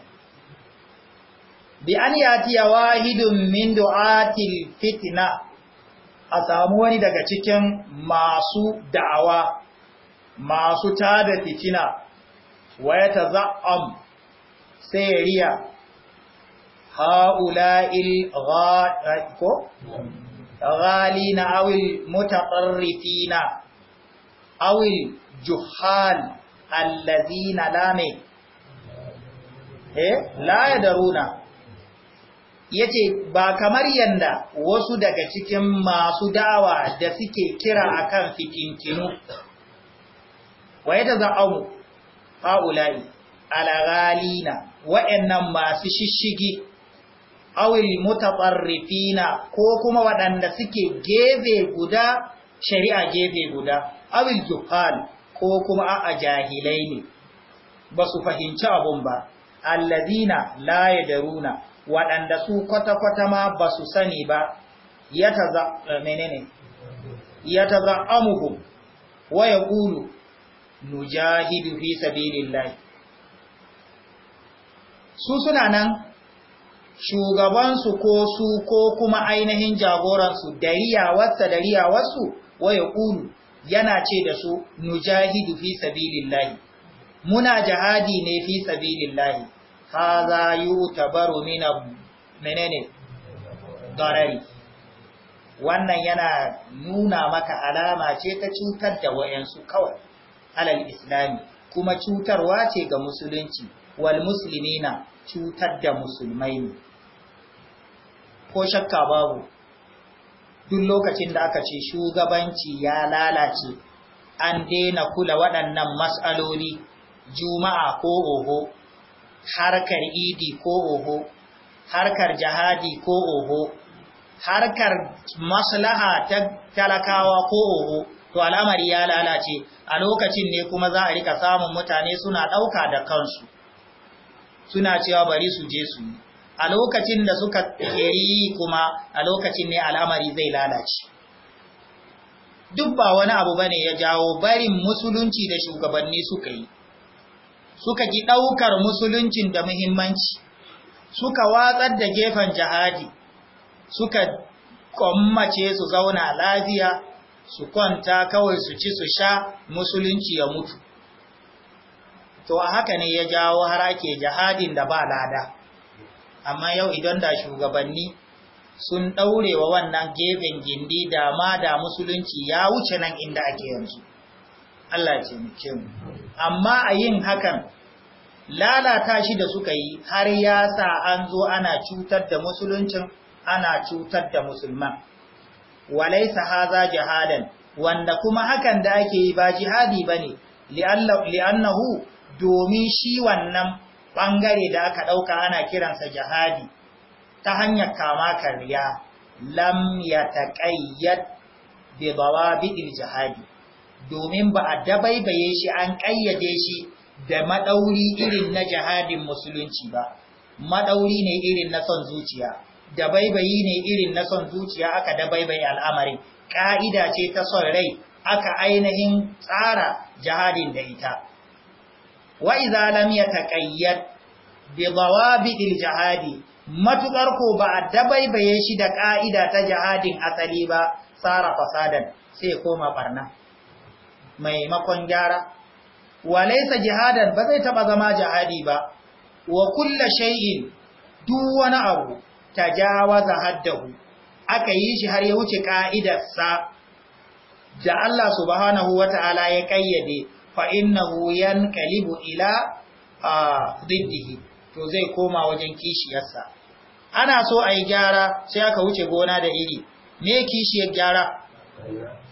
bi an yati wahidun min du'atil fitna a samu wani daga cikin masu da'awa masu tada fitina waya ta za’am sai riya ha'ula'il ghalina awil mutaqarrifina awil juhal na lame eh la Ya yace ba kamar yanda wasu daga cikin masu dawa da suke kira akan fitinkinu wa yadda za'amu ha'ula'i alagalina wa'annan masu shishigi awil mutafarrifina ko kuma waɗanda suke gefe guda shari'a gefe guda awil juhal ko kuma a jahilai ne ba su fahimci abun ba allazina la runa. waɗanda su kwata-kwata ma ba su sani ba ya ta za'amuhum wa Waya ƙulu nujahidu fi sabilillah su suna nan shugabansu ko su ko kuma ainihin jagoransu dariya wasu? waya kulu yana ce da su nujahidu fi sabilillah muna jihadi ne fi za haza tabaru mina menene darari wannan yana nuna maka alama ce ta cutar da wayansu kawai alal islami kuma cutarwa ce ga musulunci wal muslimina cutar da musulmai ne ko shakka babu duk lokacin da aka ce shugabanci ya lalace an daina kula waɗannan matsaloli juma'a ko oho harkar idi ko oho harkar jihadi ko oho harkar maslaha ta talakawa ko oho to al'amari ya lalace a lokacin ne kuma za a rika samun mutane suna ɗauka da kansu suna cewa bari su je su a lokacin da suka keri kuma a lokacin ne al'amari zai lalace duk ba wani abu bane ya jawo barin musulunci da shugabanni suka yi suka ki ɗaukar musuluncin da muhimmanci, suka watsar da gefen jihadi, suka kwammace su zauna lafiya su kwanta kawai su ci su sha musulunci ya mutu to a haka ne ya jawo har ake jihadin da ba lada amma yau idan da shugabanni sun ɗaure wa wannan gefen gindi da ma da musulunci ya wuce nan inda ake yanzu Allah ce muke mu amma a yin hakan lalata shi da suka yi har ya sa an zo ana cutar da musuluncin ana cutar da musulman walaysa hadha jihadan wanda kuma hakan da ake yi ba jihadi bane li'annahu domin shi wannan bangare da aka dauka ana kiransa jihadi ta hanyar kama kariya lam yataqayyad bi dawabi'il jihadi domin ba a dabaibaye shi an kayyade shi da madauri irin na jihadin musulunci ba madauri ne irin na son zuciya dabaibayi ne irin na son zuciya aka baibayi al'amarin ƙa'ida ce ta son rai aka ainihin tsara jihadin da ita wa iza lam yataqayyad bi dawabi'il jihadi matuƙar ko ba a dabaibaye shi da ƙa'ida ta jihadin asali ba tsara fasadan sai koma barna maimakon gyara Wa walaisa jihadan ba zai taɓa zama jihadi ba wa kulla shay'in duk wani abu Ta tajawaza haddahu aka yi shi har ya wuce ka'idarsa da Allah subhanahu wata'ala ya kayyade fa innahu yanqalibu ila diddihi to zai koma wajen kishiyarsa ana so a yi gyara sai aka wuce gona da iri me kishiyar gyara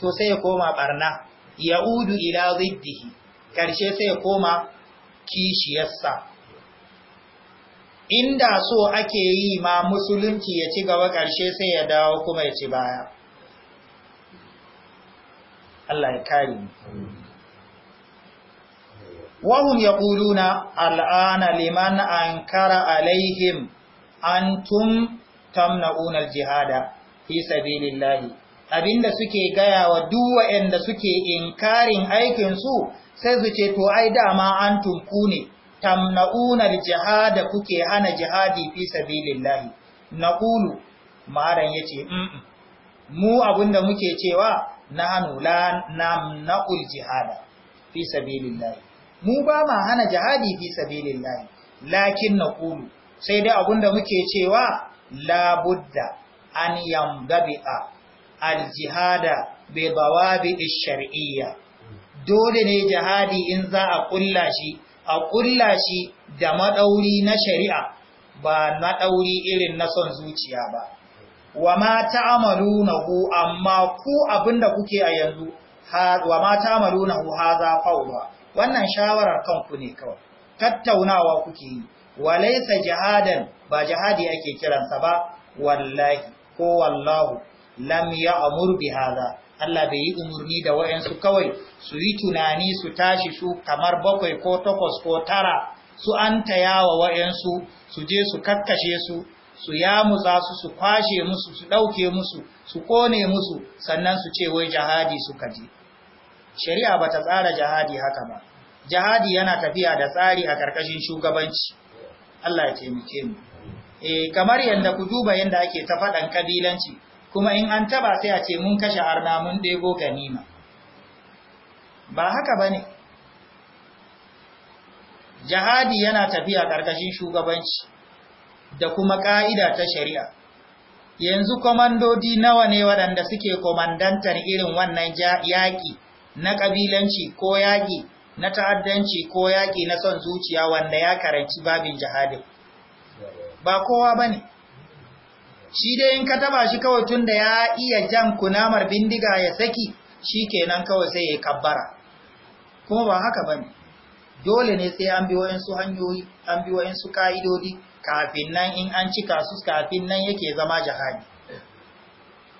to sai ya koma barna ya'udu ila diddihi karshe sai ya koma kishiyarsa inda so ake yi ma musulunci ya ci gaba ƙarshe sai ya dawo kuma ya ci baya Allah ya kare wahum yaquluna al'ana liman ankara alaihim antum tamna'una tamna'unar jihada fi sabilillahi abinda suke gayawa wa duk suke inkarin aikin su sai su ce to ai dama antum ku ne tamna'una jihada kuke hana jihadi fi sabilillahi naqulu maran yace mm mu abinda muke cewa nahnu la namna'ul jihada fi sabilillahi mu ba ma hana jihadi fi sabilillahi lakin naqulu sai dai abinda muke cewa la budda an yamdabi'a al-jihada bi dawabi ash-shar'iyya dole ne jihadi in za a kulla shi a ƙulla shi da maɗauri na shari'a ba na maɗauri irin na son zuciya ba wa ma ta'amalu ku, amma ku abinda kuke a yanzu wa ma ta'amalu ha haza fa’uwa, wannan shawarar kanku ne kawai tattaunawa kuke yi wa laysa jihadan ba jihadi ake kiransa ba wallahi ko wallahu lam a bi haza. Allah bai yi umarni da wayansu kawai su yi tunani su tashi su kamar bakwai ko takwas ko tara su an ta yawa wayansu su je su kakkashe su su yamutsa su su kwashe musu su ɗauke musu su kone musu sannan su ce wai jihadi suka je shari'a bata tsara jihadi haka ba jihadi yana tafiya da tsari a karkashin shugabanci Allah ya taimake mu eh kamar yanda ku duba yanda ake ta faɗan kabilanci kuma in an taba sai a ce mun kashe arna mun ɗebo ganima ba haka ba ne jihadi yana tafiya ƙarƙashin shugabanci da kuma ƙa'ida ta shari'a yanzu komandodi nawa ne waɗanda suke komandantar irin wannan yaƙi na ƙabilanci ko yaƙi na ta'addanci ko yaƙi na son zuciya wanda ya karanci babin jihadin ba kowa ba ne shi dai in ka taba shi kawai tun da ya iya jan kunamar bindiga ya saki shi kenan kawai sai ya kabbara kuma ba haka ba ne dole ne sai an bi su hanyoyi an bi su ka'idodi kafin nan in an cika su kafin nan yake zama jihadi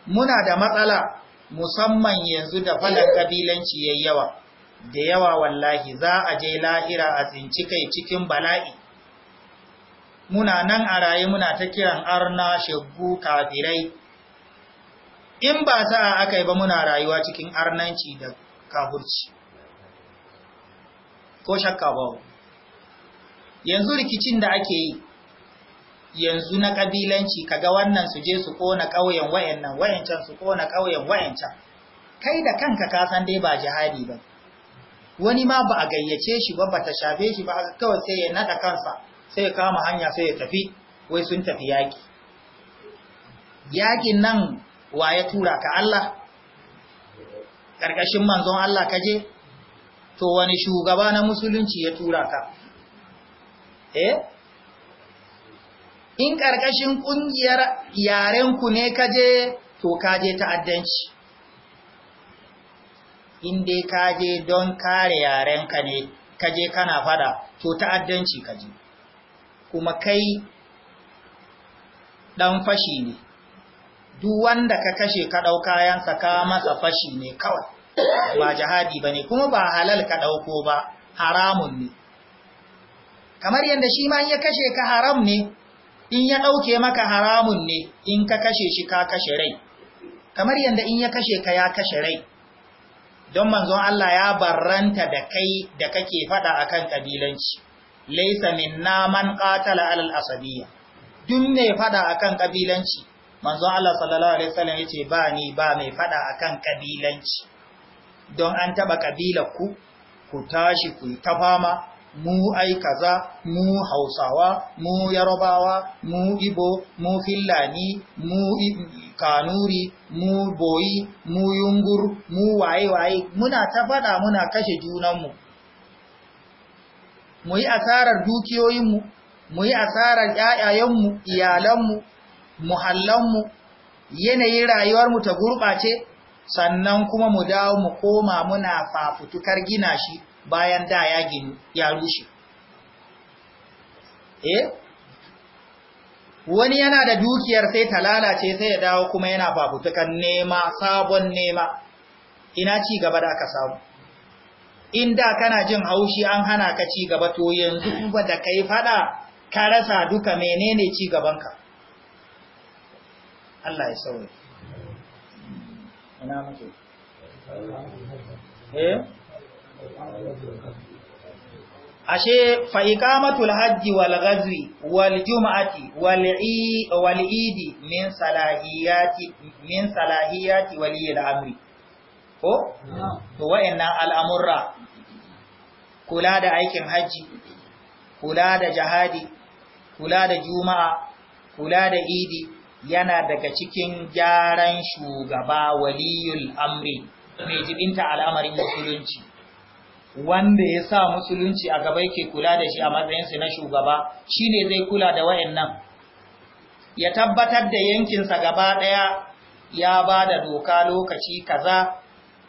muna da matsala musamman yanzu da falon kabilanci yayi yawa da yawa wallahi za a je lahira a tsinci kai cikin bala'i muna nan a raye muna ta kiran arna shaggu kafirai in ba sa'a aka yi ba muna rayuwa cikin arnanci da kafurci ko shakka ba yanzu rikicin da ake yi yanzu na kabilanci kaga wannan su je su kona ƙauyen wayannan wayancan su kona ƙauyen wayancan kai da kanka ka san dai ba jihadi ba wani ma ba a gayyace shi ba ta shafe shi ba kawai sai ya nada kansa sai kama hanya sai ya tafi wai sun tafi yaki yakin nan wa ya tura ka Allah ƙarƙashin manzon Allah ka je to wani shugaba na musulunci ya tura ka eh in ƙarƙashin ƙungiyar yarenku ne ka je to ka je ta'addanci in dai ka je don kare yarenka ne ka je kana fada to ta'addanci ka je kuma kai ɗan fashi ne duk wanda ka kashe ka ɗau yansa ka masa fashi ne kawai ba jihadi ba ne kuma ba halal ka ɗauko ba haramun ne kamar yadda shi ma in ya kashe ka haram ne in ya ɗauke maka haramun ne in ka kashe shi ka kashe rai kamar yadda in ya kashe ka ya kashe rai don manzon Allah ya barranta da kai da kake faɗa akan ƙabilanci laisa minna man qatala alal asabiyya duk mai fada akan kabilanci manzo Allah sallallahu alaihi wasallam yace ba ni ba mai fada akan kabilanci don an taba kabilar ku ku tashi ku ta fama mu ai kaza mu Hausawa mu Yarbawa, mu Ibo mu Fillani mu Kanuri mu Boyi mu Yungur mu waye waye muna ta fada muna kashe junanmu mu yi asarar dukiyoyinmu mu yi asarar ‘ya’yayenmu, iyalanmu muhallanmu yanayin rayuwarmu ta gurɓace sannan kuma mu dawo mu koma muna fafutukar gina shi bayan da ya gini, ya rushe eh wani yana da dukiyar sai ta lalace sai ya dawo kuma yana fafutukar nema sabon nema ina ci gaba da aka samu in da kana jin haushi an hana ka ci gaba to yanzu ba da kai fada ka rasa duka menene ci gabanka Allah ya sauye ina muke eh ashe fa iqamatul hajji wal ghazwi wal jum'ati wal wal idi min salahiyati min salahiyati waliyil amri ko? to wa'yannan al'amurra kula da aikin hajji kula da jihadi kula da juma'a kula da idi yana daga cikin gyaran shugaba waliyul amri mai jibinta al'amarin musulunci wanda ya sa musulunci a gaba yake kula da shi a matsayinsu na shugaba shi ne zai kula da wayannan ya tabbatar da yankinsa gaba ɗaya ya ba da doka lokaci kaza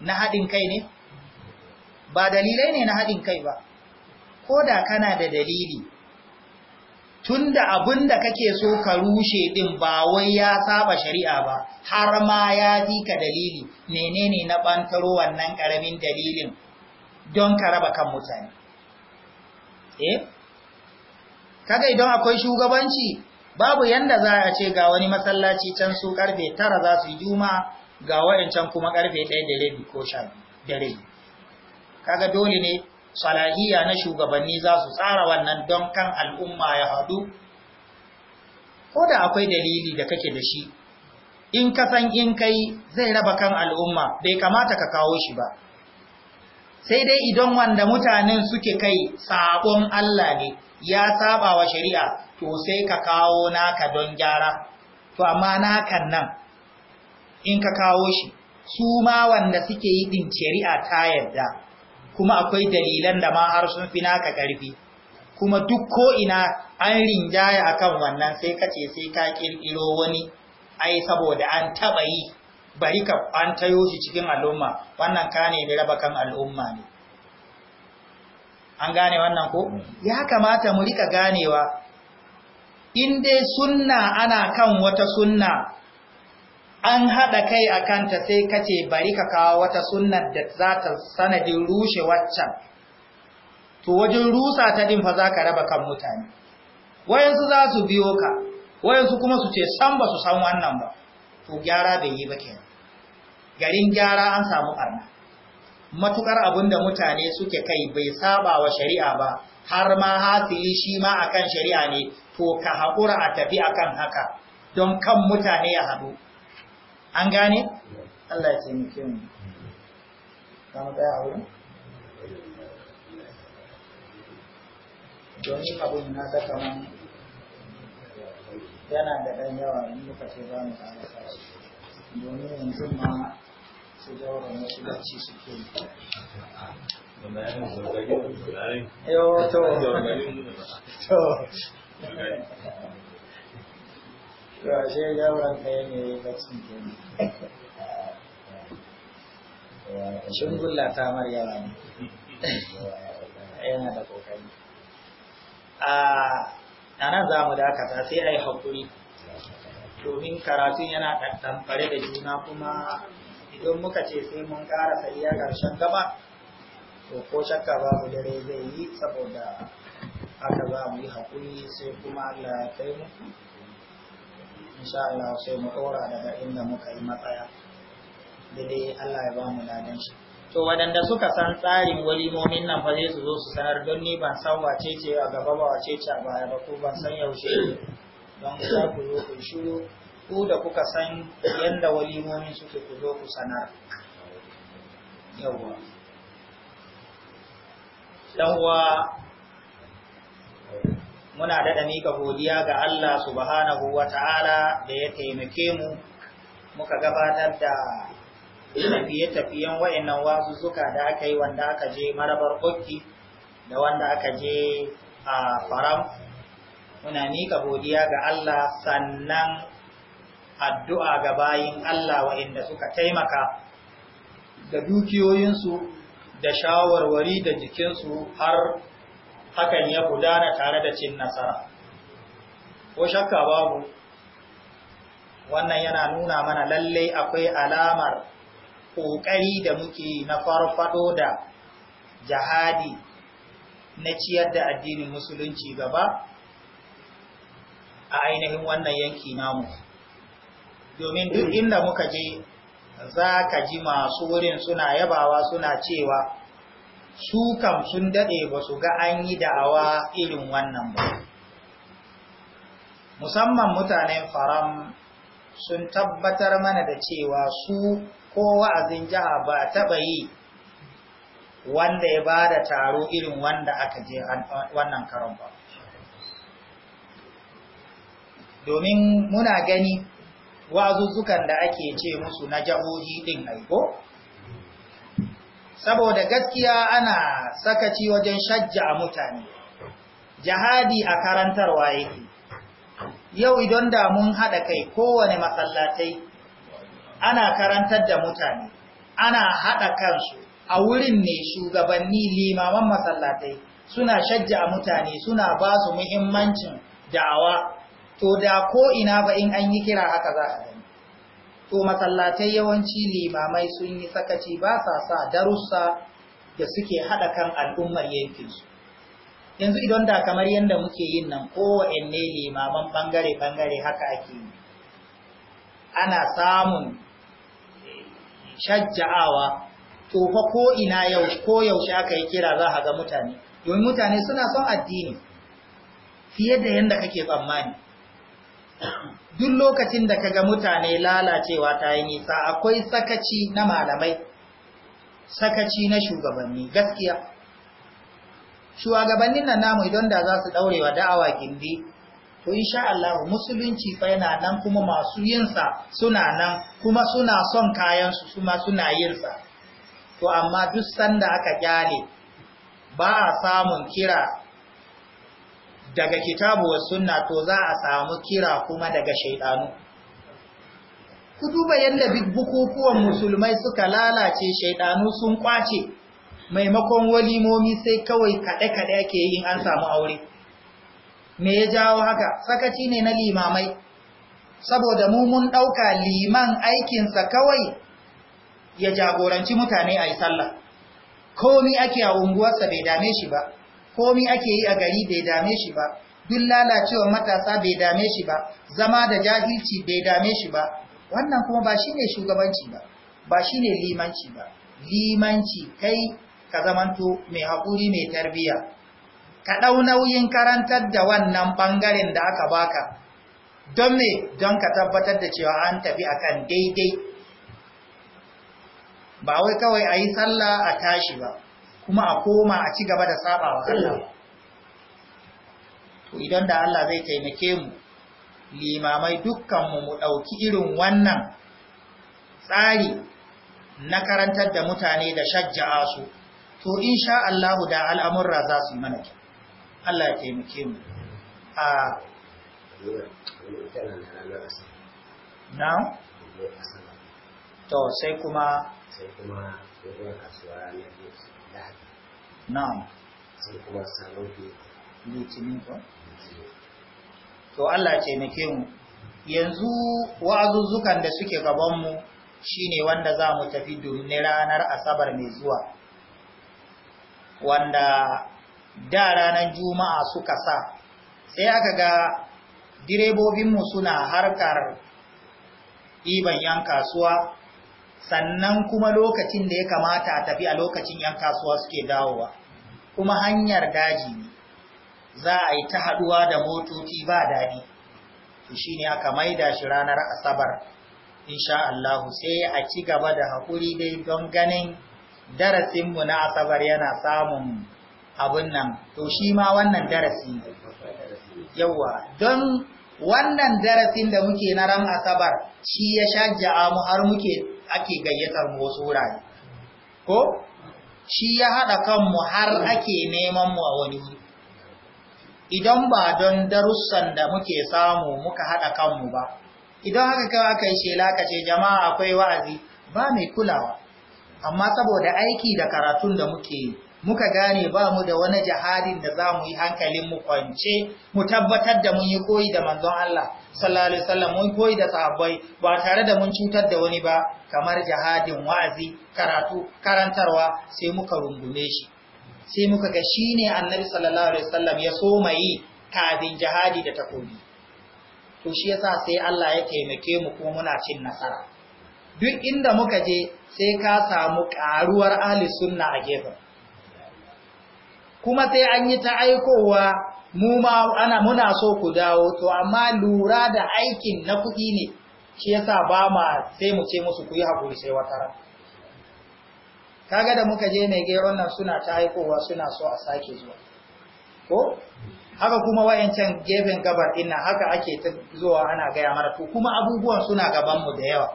na haɗin kai ne ba dalilai ne na haɗin kai ba ko da kana da dalili tun da abin da kake so ka rushe ɗin ba wai ya saba shari'a ba har ma ya fi ka dalili menene na ɓantaro wannan ƙaramin dalilin don ka raba kan mutane eh kaga idan akwai shugabanci babu yanda za a ce ga wani masallaci can su karfe tara za su yi juma'a ga wayancan kuma karfe ɗaya da rabi ko sha da rabi kaga dole ne salahiya na shugabanni za su tsara wannan don kan al'umma ya hadu ko da akwai dalili da kake da shi in ka san in kai zai raba kan al'umma bai kamata ka kawo shi ba sai dai idan wanda mutanen suke kai sabon Allah ne ya saba wa shari'a to sai ka kawo naka don gyara to amma nakan nan in ka kawo shi su ma wanda suke yi din shari'a ta yadda kuma akwai dalilan da ma har sun fi naka ƙarfi kuma duk ko ina an rinjaya akan wannan sai ka ce sai ka kirkiro wani ai saboda an taba yi bari ka an tayo shi cikin al'umma wannan ka ne raba kan al'umma ne an gane wannan ko mm. ya kamata mu rika ganewa in dai sunna ana kan wata sunna an haɗa kai a kanta sai kace bari ka kawo wata sunnar da za ta sanadin rushe waccan to wajen rusa ta din fa za ka raba kan mutane wayansu za su biyo ka wayansu kuma su ce san ba su san wannan ba to gyara bai yi ba kenan garin gyara an samu arna matukar da mutane suke kai bai saba wa shari'a ba har ma hasili shi ma akan shari'a ne to ka haƙura a tafi akan haka don kan mutane ya haɗu an gane Allah ya taimake mu a wurin domin abin na ta yana da ɗan yawa in muka ce za mu kama domin yanzu ma su jawo masu yi Yo, to, to. to ashe yaron kai ne ya ta yana da kokari a nan za mu dakata sai a yi haƙuri domin karatun yana ɗanɗanfare da juna kuma idan muka ce sai mun ƙara sariya ƙarshen gaba to ko shakka babu dare zai yi saboda haka za mu yi haƙuri sai kuma Allah ya kai insha Allah sai mu ɗora daga inda muka yi matsaya dai Allah ya ba mu ladan shi to wadanda suka san tsarin walimomin nan fa zai su zo su sanar don ni ban san wace ce a gaba ba wace ce a baya ba ko ban san yaushe don za ku zo ku shiru ku da kuka san yanda walimomin suke ku zo ku sanar yawwa dan muna daɗa mika godiya ga Allah subhanahu wa ta'ala da ya taimake mu muka gabatar da tafiye-tafiyen wasu suka, da aka yi wanda aka je marabar kokki da wanda aka je a faram muna mika godiya ga Allah sannan addu'a ga bayin Allah wa'inda suka taimaka da dukiyoyinsu da shawarwari da jikinsu har hakan ya gudana tare da cin nasara ko shakka babu wannan yana nuna mana lalle akwai alamar ƙoƙari da muke na farfado da jihadi na ciyar da addinin musulunci gaba a ainihin wannan yanki namu domin duk inda muka je za ka ji masu wurin suna yabawa suna cewa su kam sun dade ba su ga an yi da'awa irin wannan ba musamman mutanen faram sun tabbatar mana da cewa su ko wa'azin jiha ba taɓa yi wanda ya ba da taro irin wanda aka je wannan karon ba domin muna gani wazuzzukan da ake ce musu na jahohi din aiko saboda gaskiya ana sakaci wajen shajja a mutane jihadi a karantarwa yake yau idan da mun haɗa kai kowane masallatai ana karantar da mutane ana haɗa kansu a wurin ne shugabanni limaman masallatai suna shajja a mutane suna basu su muhimmancin da'awa to da ko ina ba in an yi kira haka za a gani to masallatai yawanci limamai sun yi sakaci ba sa sa darussa da suke haɗa kan al'ummar yankinsu yanzu idan da kamar yadda muke yin nan ne limaman bangare-bangare haka ake yi ana samun shajja'awa to fa ko ina yaushe aka yi kira za a ga mutane domin mutane suna son addini fiye da yadda kake tsammani duk lokacin da kaga mutane lalacewa ta yi nisa akwai sakaci na malamai sakaci na shugabanni gaskiya shugabannin nan namu idan da za su daurewa da'awa gindi to insha Allah musulunci fa yana nan kuma masu yinsa suna nan kuma suna son kayan su kuma suna yinsa to amma duk sanda aka kyale ba a samun kira daga kitabu wa sunna to za a samu kira kuma daga shaidanu ku duba yadda bukukuwan musulmai suka lalace shaidanu sun kwace maimakon walimomi sai kawai kaɗe-kaɗe ake yin an samu aure me ya jawo haka sakaci ne na limamai saboda mu ɗauka liman aikinsa kawai ya jagoranci mutane a yi sallah komi ake a unguwarsa bai dame shi ba komi ake yi a gari bai dame shi ba duk lalacewa matasa bai dame shi ba zama da jahilci bai dame shi ba wannan kuma ba shine shugabanci ba ba shine limanci ba limanci kai ka zamanto mai haƙuri mai tarbiya ka ɗau nauyin karantar da wannan ɓangaren da aka baka don me don ka tabbatar da cewa an tafi akan daidai ba wai kawai a yi sallah a tashi ba kuma a koma a ci gaba da saba wa Allah eh. to idan da Allah zai taimake mu limamai dukkanmu mu ɗauki irin wannan tsari na karantar da mutane da shajja'a su to insha Allah da al'amurra za su mana kyau Allah ya taimake mu a now to sai kuma sai kuma kasuwa ne sai kuma litinin to Allah ce muke mu yanzu wa'azuzzukan da suke gabanmu shine wanda za mu tafi domin ranar asabar mai zuwa wanda da ranar juma'a suka sa sai aka ga direbobinmu suna harkar ɗiban yan kasuwa sannan kuma lokacin da ya kamata a tafi a lokacin yan kasuwa suke dawowa kuma hanyar daji ne za a yi ta haduwa da motoci ba daɗi shi ne aka maida shi ranar asabar insha Allah sai a ci gaba da hakuri dai don ganin darasinmu na asabar yana samun abun nan to shi ma wannan darasi yawa don wannan darasin da muke na ran asabar shi ya shajja'a mu har muke ake gayyatar mu wasu wurare ko shi ya haɗa kanmu har ake neman mu a wani idan ba don darussan da muke samu muka haɗa kanmu ba idan haka kai aka yi shela ka ce jama'a akwai wa'azi ba mai kulawa amma saboda aiki da karatun da muke yi muka gane ba mu da wani jihadin da za mu yi hankalin mu kwance mu tabbatar da mun yi koyi da manzon Allah sallallahu alaihi wasallam mun koyi da sahabbai ba tare da mun cutar da wani ba kamar jihadin wa'azi karatu karantarwa sai muka rungume shi sai muka ga shine annabi sallallahu alaihi wasallam ya so yi kadin jihadi da takobi to shi yasa sai Allah ya taimake mu ko muna cin nasara duk inda muka je sai ka samu karuwar ahli sunna a gefen kuma sai an yi ta aikowa mu ma ana muna so ku dawo to amma lura da aikin na kuɗi ne shi yasa ba ma sai mu ce musu ku yi hakuri sai wata ran kaga da muka je mai geron nan suna ta aikowa suna so a sake zuwa ko haka kuma wayancan gefen gabar din nan haka ake ta zuwa ana gaya mara to kuma abubuwan suna gaban mu da yawa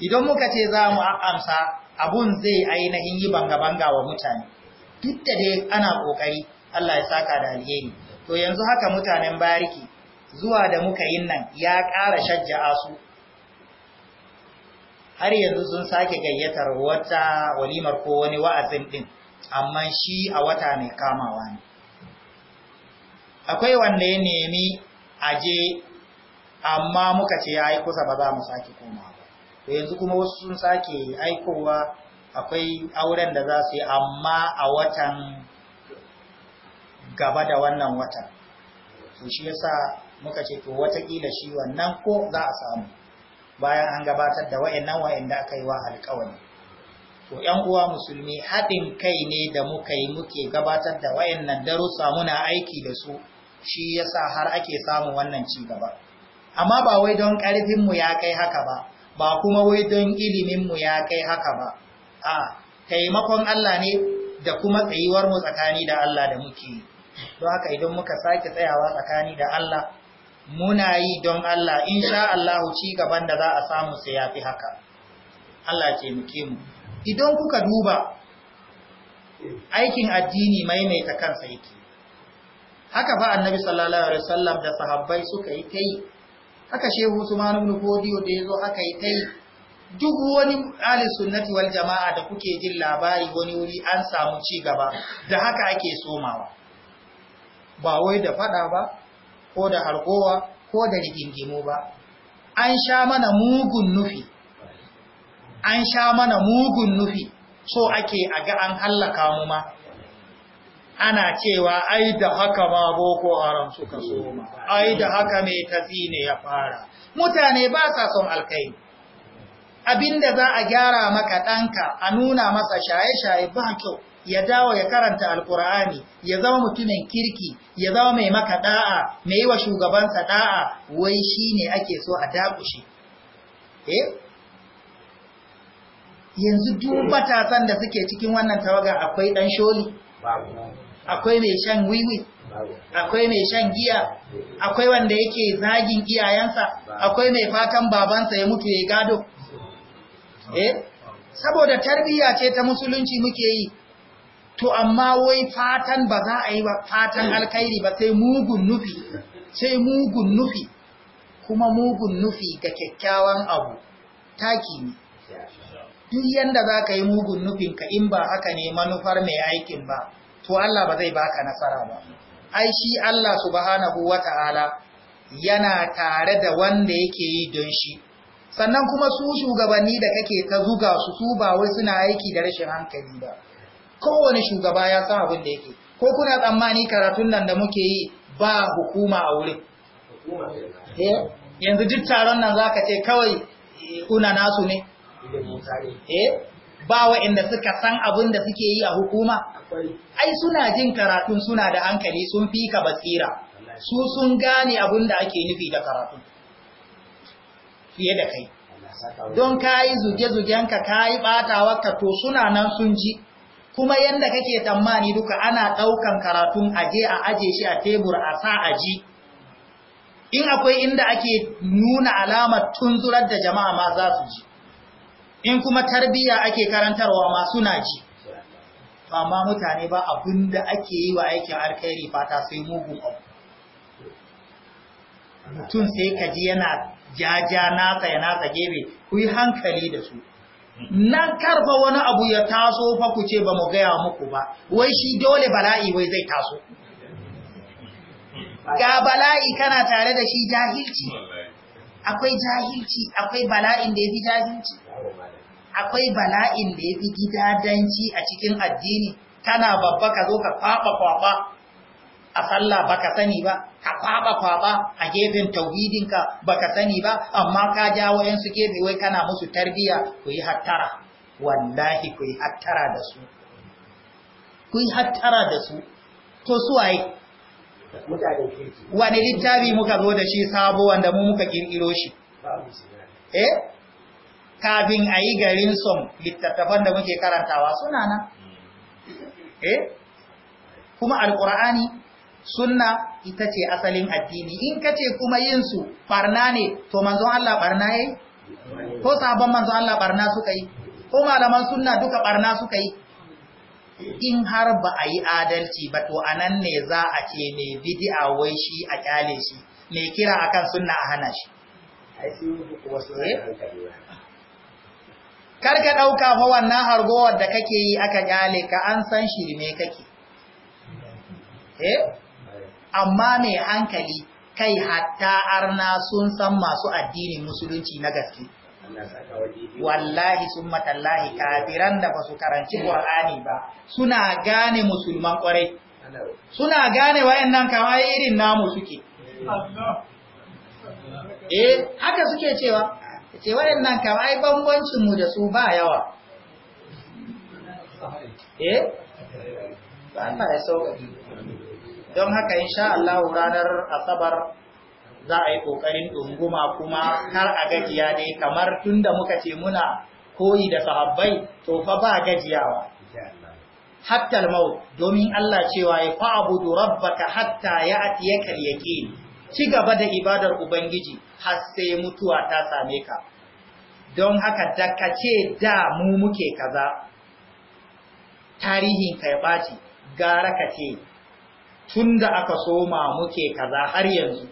idan muka ce za mu amsa abun zai ainihin yi banga banga wa mutane duk da dai ana kokari Allah ya saka da alheri to yanzu haka mutanen bariki zuwa da muka yin nan ya ƙara shajja'a su har yanzu sun sake gayyatar wata walimar ko wani wa'azin din amma shi a wata mai kamawa ne akwai wanda ya nemi aje amma muka ce ya yi kusa ba za mu sake komawa to yanzu kuma wasu sun sake aikowa akwai auren da za su yi amma a watan gaba da wannan watan to shi yasa muka ce to watakila shi wannan ko za a samu bayan an gabatar da wa'annan wayanda aka yi wa alƙawari to ‘yan uwa musulmi haɗin kai ne da muka yi muke gabatar da wayannan darussa muna aiki da su shi yasa har ake samu wannan ci gaba amma ba wai don ƙarfinmu ya kai haka ba ba kuma wai don iliminmu ya kai haka ba a taimakon Allah ne da kuma tsayuwar mu tsakani da Allah da muke yi don haka idan muka sake tsayawa tsakani da Allah muna yi don Allah insha Allah ci gaban da za a samu sai yafi haka Allah ce muke mu idan kuka duba aikin addini maimaita kansa yake haka fa annabi sallallahu alaihi wasallam da sahabbai suka yi kai haka shehu Usman ibn Fodiyo da yazo haka yi kai duk wani ali sunnati wal jama'a da kuke jin labari wani wuri an samu ci gaba da haka ake somawa ba wai da fada ba ko da harkowa ko da rigingimu ba an sha mana mugun nufi an sha mana mugun nufi so ake a ga an halaka mu ma ana cewa ai da haka ma boko haram suka soma ai da haka mai tafi ne ya fara mutane ba sa son alkai abinda za a gyara maka ɗanka a nuna masa shaye-shaye ba kyau ya dawo ya karanta alkur'ani ya zama mutumin kirki ya zama mai maka da'a mai wa shugabansa ɗa'a, wai shine ake so a dakushe eh? yanzu duk matasan da suke cikin wannan tawaga akwai ɗan sholi akwai mai shan wiwi akwai mai shan giya akwai wanda yake zagin iyayensa akwai mai fatan babansa ya mutu ya gado eh saboda tarbiyya ce ta musulunci muke yi to amma wai fatan ba za a yi ba fatan alkhairi ba sai mugun nufi sai mugun nufi kuma mugun nufi ga kyakkyawan abu taki ne duk yanda za ka yi mugun nufin ka in ba haka ne manufar mai aikin ba to Allah ba zai baka nasara ba ai shi Allah subhanahu wata'ala yana tare da wanda yake yi don shi sannan kuma su shugabanni da kake ka zuga su su ba wai suna aiki da rashin hankali ba kowane shugaba ya san abin da yake ko kuna tsammani karatun nan da muke yi ba hukuma a wurin eh, yanzu duk taron nan zaka ce kawai kuna nasu ne eh, ba waɗanda suka san abin da suke yi a hukuma ai suna jin karatun suna da hankali sun fika basira su sun gane abin da ake nufi da karatun fiye da kai don ka yi zuge-zugenka ka yi ɓatawarka to suna nan sun ji kuma yadda kake tammani duka ana ɗaukan karatun aje a aje shi a tebur a sa aji in akwai inda ake nuna alamar tunzurar da jama'a ma za su ji in kuma tarbiyya ake karantarwa ma suna ji amma mutane ba abin da ake yi wa aikin alkhairi fata sai mugu abu mutum sai kaji ji yana jaja nasa ya nasa gebe ku yi hankali da su nan karfa wani abu ya taso fa ku ce ba mu gaya muku ba wai shi dole bala'i wai zai taso ga bala'i kana tare da shi jahilci akwai jahilci akwai bala'in da ya fi jahilci akwai bala'in da ya fi gidadanci a cikin addini kana babba ka zo ka kwaba kwaba a sallah baka sani ba ka kwaba kwaba a gefen tauhidinka baka sani ba amma ka ja su gefe wai kana musu tarbiya ku yi hattara wallahi ku yi hattara da su ku yi hattara da su to su waye wani littafi muka zo da shi sabo wanda mu muka kirkiro shi eh kafin a yi garin son littattafan da muke karantawa suna nan hmm. eh kuma alkur'ani sunna ita ce asalin addini in ka ce kuma yin su barna ne to manzon Allah barna yi? ko sabon manzon Allah barna suka yi ko malaman sunna duka barna suka yi in har ba a yi adalci ba to anan ne za a ce mai bid'a wai shi a kyale shi mai kira akan sunna a hana shi eh? karka ɗauka fa wannan hargowar da kake yi aka kyale ka an san shirme kake eh amma mai hankali kai hatta arna sun san masu addinin musulunci na gaske wallahi sun matallahi kafiran da ba su karanci ƙwar'ani ba suna gane musulman ƙwarai suna gane nan kawai irin namu suke eh haka suke cewa ce nan kawai bambancin mu da su ba yawa eh ba Allah ya don haka insha Allah ranar asabar za a yi ƙoƙarin ɗunguma kuma har a gajiya dai kamar tunda muka ce muna koyi da sahabbai to fa ba gajiyawa hatta al domin Allah cewa ya fa'budu rabbaka hatta ya'ti yakal yaqin ci gaba da ibadar ubangiji har sai mutuwa ta same ka don haka da kace da mu muke kaza tarihin kai baci gara ka ce. tun da aka soma muke kaza har yanzu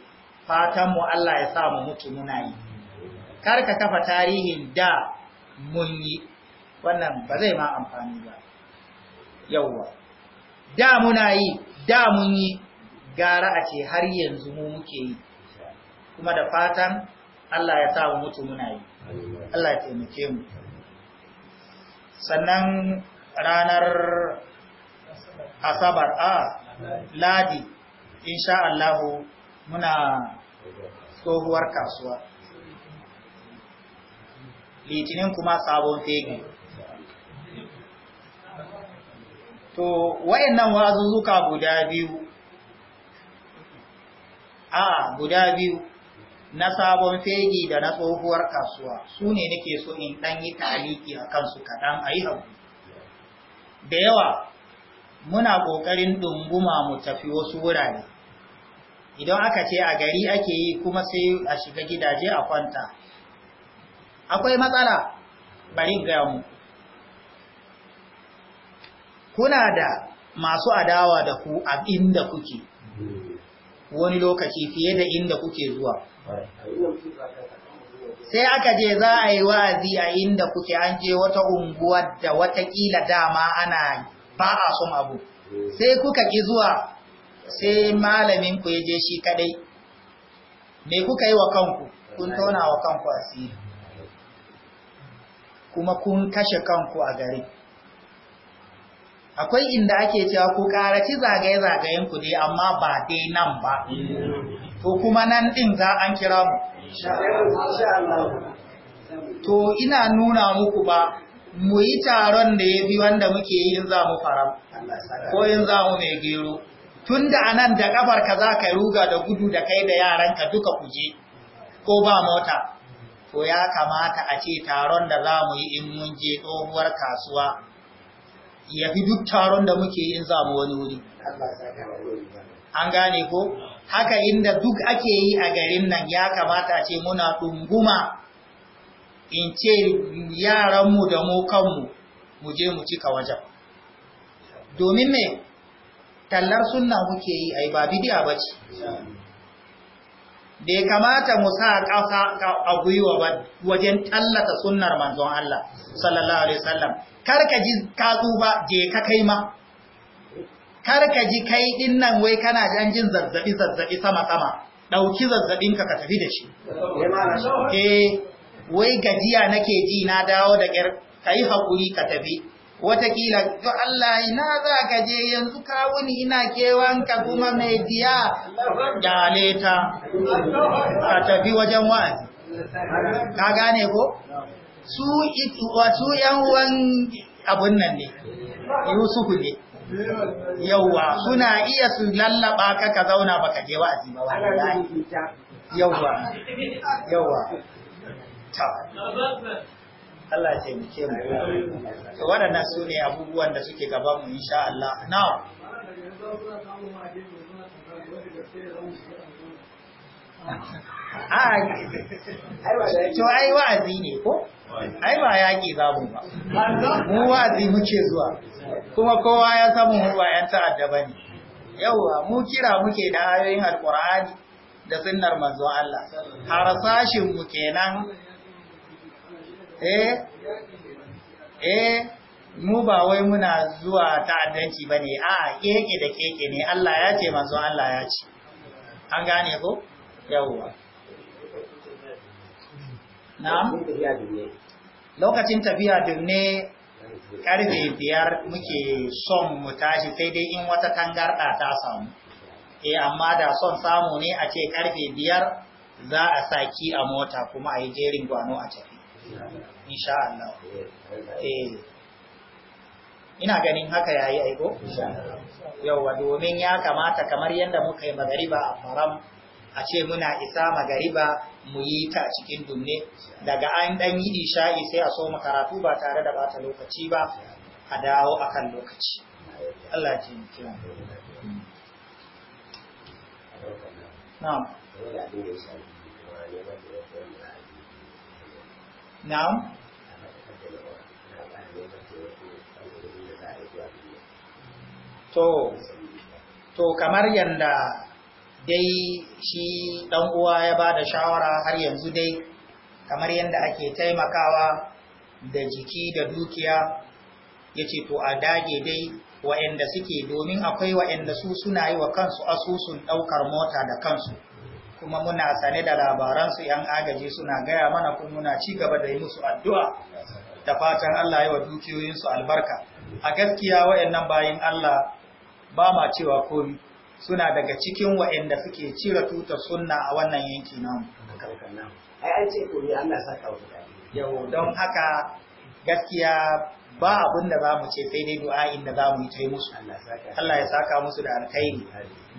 fatanmu Allah ya sa mu mutu muna yi kar ka kafa tarihin da mun yi wannan ba zai ma amfani ba yauwa da muna yi da mun yi gara a ce har yanzu mu muke yi kuma da fatan Allah ya sa mu mutu muna yi Allah ya taimake mu sannan ranar asabar a ah, ladi insha Allah muna tsohuwar kasuwa litinin kuma sabon fegi to wayannan wazuzuka guda biyu a guda biyu na sabon fegi da na tsohuwar kasuwa su ne nake so in ɗanyi yi taliki a kansu kaɗan a yi da yawa muna ƙoƙarin ɗunguma mu tafi wasu wurare idan aka ce a gari ake yi kuma sai a shiga gidaje a kwanta akwai matsala bari gaya mu kuna da masu adawa da ku a inda kuke wani lokaci fiye da inda kuke zuwa sai aka je za a yi wa'azi a inda kuke an je wata unguwa da watakila dama ana yi. ba a son abu sai kuka ki zuwa sai malamin ku ya je shi kadai me kuka yi wa kanku kun tona wa kanku asiri kuma kun kashe kanku a gari akwai inda ake cewa ku karaci zagaye-zagayen ku dai amma ba dai nan ba to kuma nan din za an kira mu to ina nuna muku ba mu yi taron da ya bi wanda muke yi in za mu faram ko in za mu mai gero tun da a nan da ƙafar ka za ka ruga da gudu da kai da yaranka duka kuje ko ba mota to ya kamata a ce taron da za mu yi in mun je tsohuwar kasuwa ya fi duk taron da muke yi in za mu wani wuri an gane ko haka inda duk ake yi a garin nan ya kamata a ce muna ɗunguma in ce yaranmu da mu kanmu mu je mu cika wajen domin me tallar sunna muke yi yi ba bidiya ba ce da ya kamata mu sa ƙasa a gwiwa wajen tallata sunnar manzon Allah sallallahu alaihi wasallam karka ji ka ba je ka kai ma karka ji kai ɗin nan wai kana jan jin zazzabi zazzabi sama sama Ɗauki zazzaɓinka ka tafi da shi wai gajiya nake ji na dawo da ƙyar ka yi haƙuri ka tafi watakila to Allah ina za ka je yanzu ka wuni ina ka kuma mai diya dale ta ka tafi wajen wa'azi ka gane ko su wasu yan abun nan ne Yusufu ne yauwa suna iya su lallaba ka ka zauna baka je wa'azi ba wallahi yauwa yauwa Allah ya taimake mu to waɗannan su ne abubuwan da suke gaban mu insha Allah now to ai wa'azi ne ko ai ba ya za mu ba mu wa'azi muke zuwa kuma kowa ya samu mu ba yan ta'adda bane yawa mu kira muke da ayoyin alqur'ani da sunnar manzo Allah harasashin mu kenan eh eh mu ba wai muna zuwa ta'addanci ba ne a keke da keke ne Allah ya ce manzo Allah ya ce an gane ko yawwa na'am lokacin tafiya dinne karfe biyar muke son mu tashi sai dai in wata tangarda ta samu eh amma da son samu ne a ce karfe biyar za a saki a mota kuma a yi jerin gwano a tafi insha Allah eh ina ganin haka yayi aiko yawa domin ya kamata kamar yadda muka yi magariba a faram a ce muna isa magariba mu yi ta cikin dumne daga an dan yi isha'i sai a so mu karatu ba tare da bata lokaci ba a dawo akan lokaci Allah ya mu na'am na'am to to kamar yanda dai shi dan uwa ya bada shawara har yanzu dai kamar yanda ake taimakawa da jiki da dukiya yace to a dage dai wa'anda suke domin akwai wa'anda su suna yi wa kansu asusun daukar mota da kansu kuma muna sane da labaransu ‘yan agaji suna gaya mana kuma muna ci gaba da yi musu addu'a da fatan Allah yi wa dukiyoyinsu albarka. A gaskiya wa'yannan bayin Allah ba ma cewa komi suna daga cikin wa'yanda suke cire tutar sunna a wannan yanki namu. Yau don haka gaskiya ba abin da za mu ce sai dai du'a'in da za mu yi ta yi musu Allah ya saka musu da alkhairi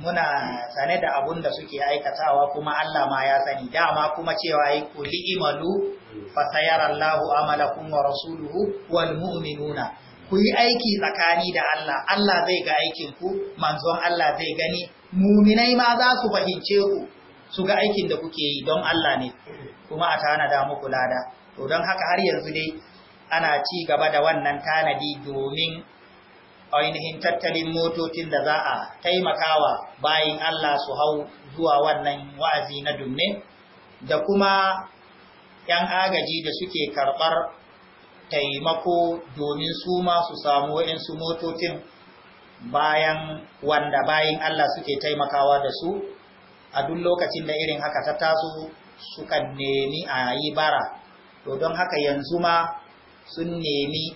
muna sane da abin da suke aikatawa kuma Allah ma ya sani dama kuma cewa yi kuli imalu fa sayarallahu amala, wa rasuluhu wal mu'minuna ku yi aiki tsakani da Allah Allah zai ga aikin ku manzon Allah zai gani muminai ma za su fahimce ku su ga aikin da kuke yi don Allah ne kuma a tana da muku lada to don haka har yanzu dai ana ci gaba da wannan tanadi domin ainihin tattalin motocin da za a taimakawa bayan Allah su hau zuwa wannan wa'azi na dumme da kuma ‘yan agaji da suke karɓar taimako domin su ma su samu waɗansu motocin bayan wanda bayan Allah suke taimakawa da su a duk lokacin da irin haka ta taso su sukan nemi a yi bara to don haka yanzu ma sun nemi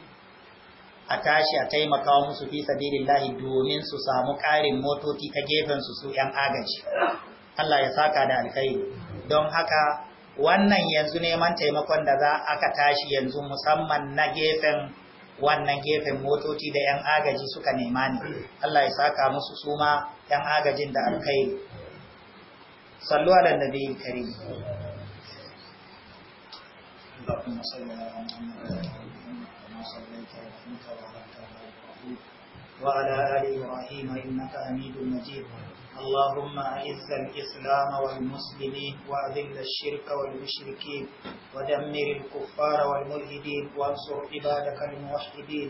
a tashi a taimaka musu fi sabilillahi domin su samu ƙarin motoci ta gefen su su ‘yan agaji. Allah ya saka da alkhairi. Don haka wannan yanzu neman taimakon da za aka tashi yanzu musamman na gefen wannan gefen motoci da ‘yan agaji suka nema ne. Allah ya saka musu suma ‘yan agajin da alkhairi. Sallu ala nabi karim. اللهم صل على محمد وعلى ال ابراهيم انك أميد مجيد اللهم اعز الاسلام والمسلمين واذل الشرك والمشركين ودمر الكفار والملحدين وانصر عبادك الموحدين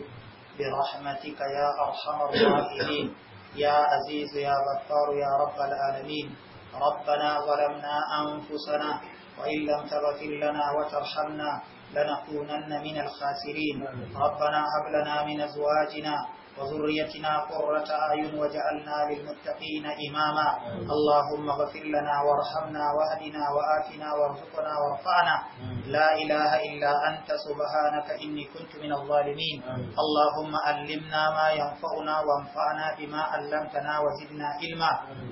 برحمتك يا ارحم الراحمين يا عزيز يا غفار يا رب العالمين ربنا ظلمنا انفسنا وإن لم تغفر لنا وترحمنا لنكونن من الخاسرين ربنا هب لنا من أزواجنا وذريتنا قرة أعين وجعلنا للمتقين إماما اللهم اغفر لنا وارحمنا واهدنا وآتنا وارزقنا وارفعنا لا إله إلا أنت سبحانك إني كنت من الظالمين اللهم علمنا ما ينفعنا وانفعنا بما علمتنا وزدنا علما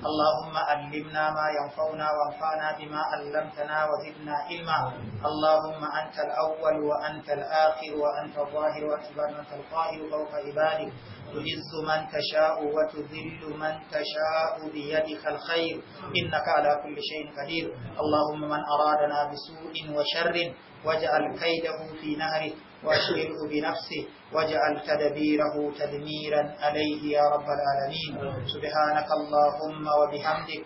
اللهم علمنا ما ينفعنا وانفعنا بما علمتنا وزدنا علما اللهم أنت الأول وأنت الآخر وأنت الظاهر وأنت القائل فوق عبادك تعز من تشاء وتذل من تشاء بيدك الخير إنك على كل شيء قدير اللهم من أرادنا بسوء وشر واجعل كيده في نهره واشغله بنفسه واجعل تدبيره تدميرا عليه يا رب العالمين سبحانك اللهم وبحمدك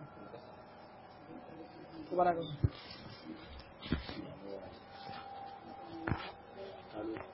दोबारा करो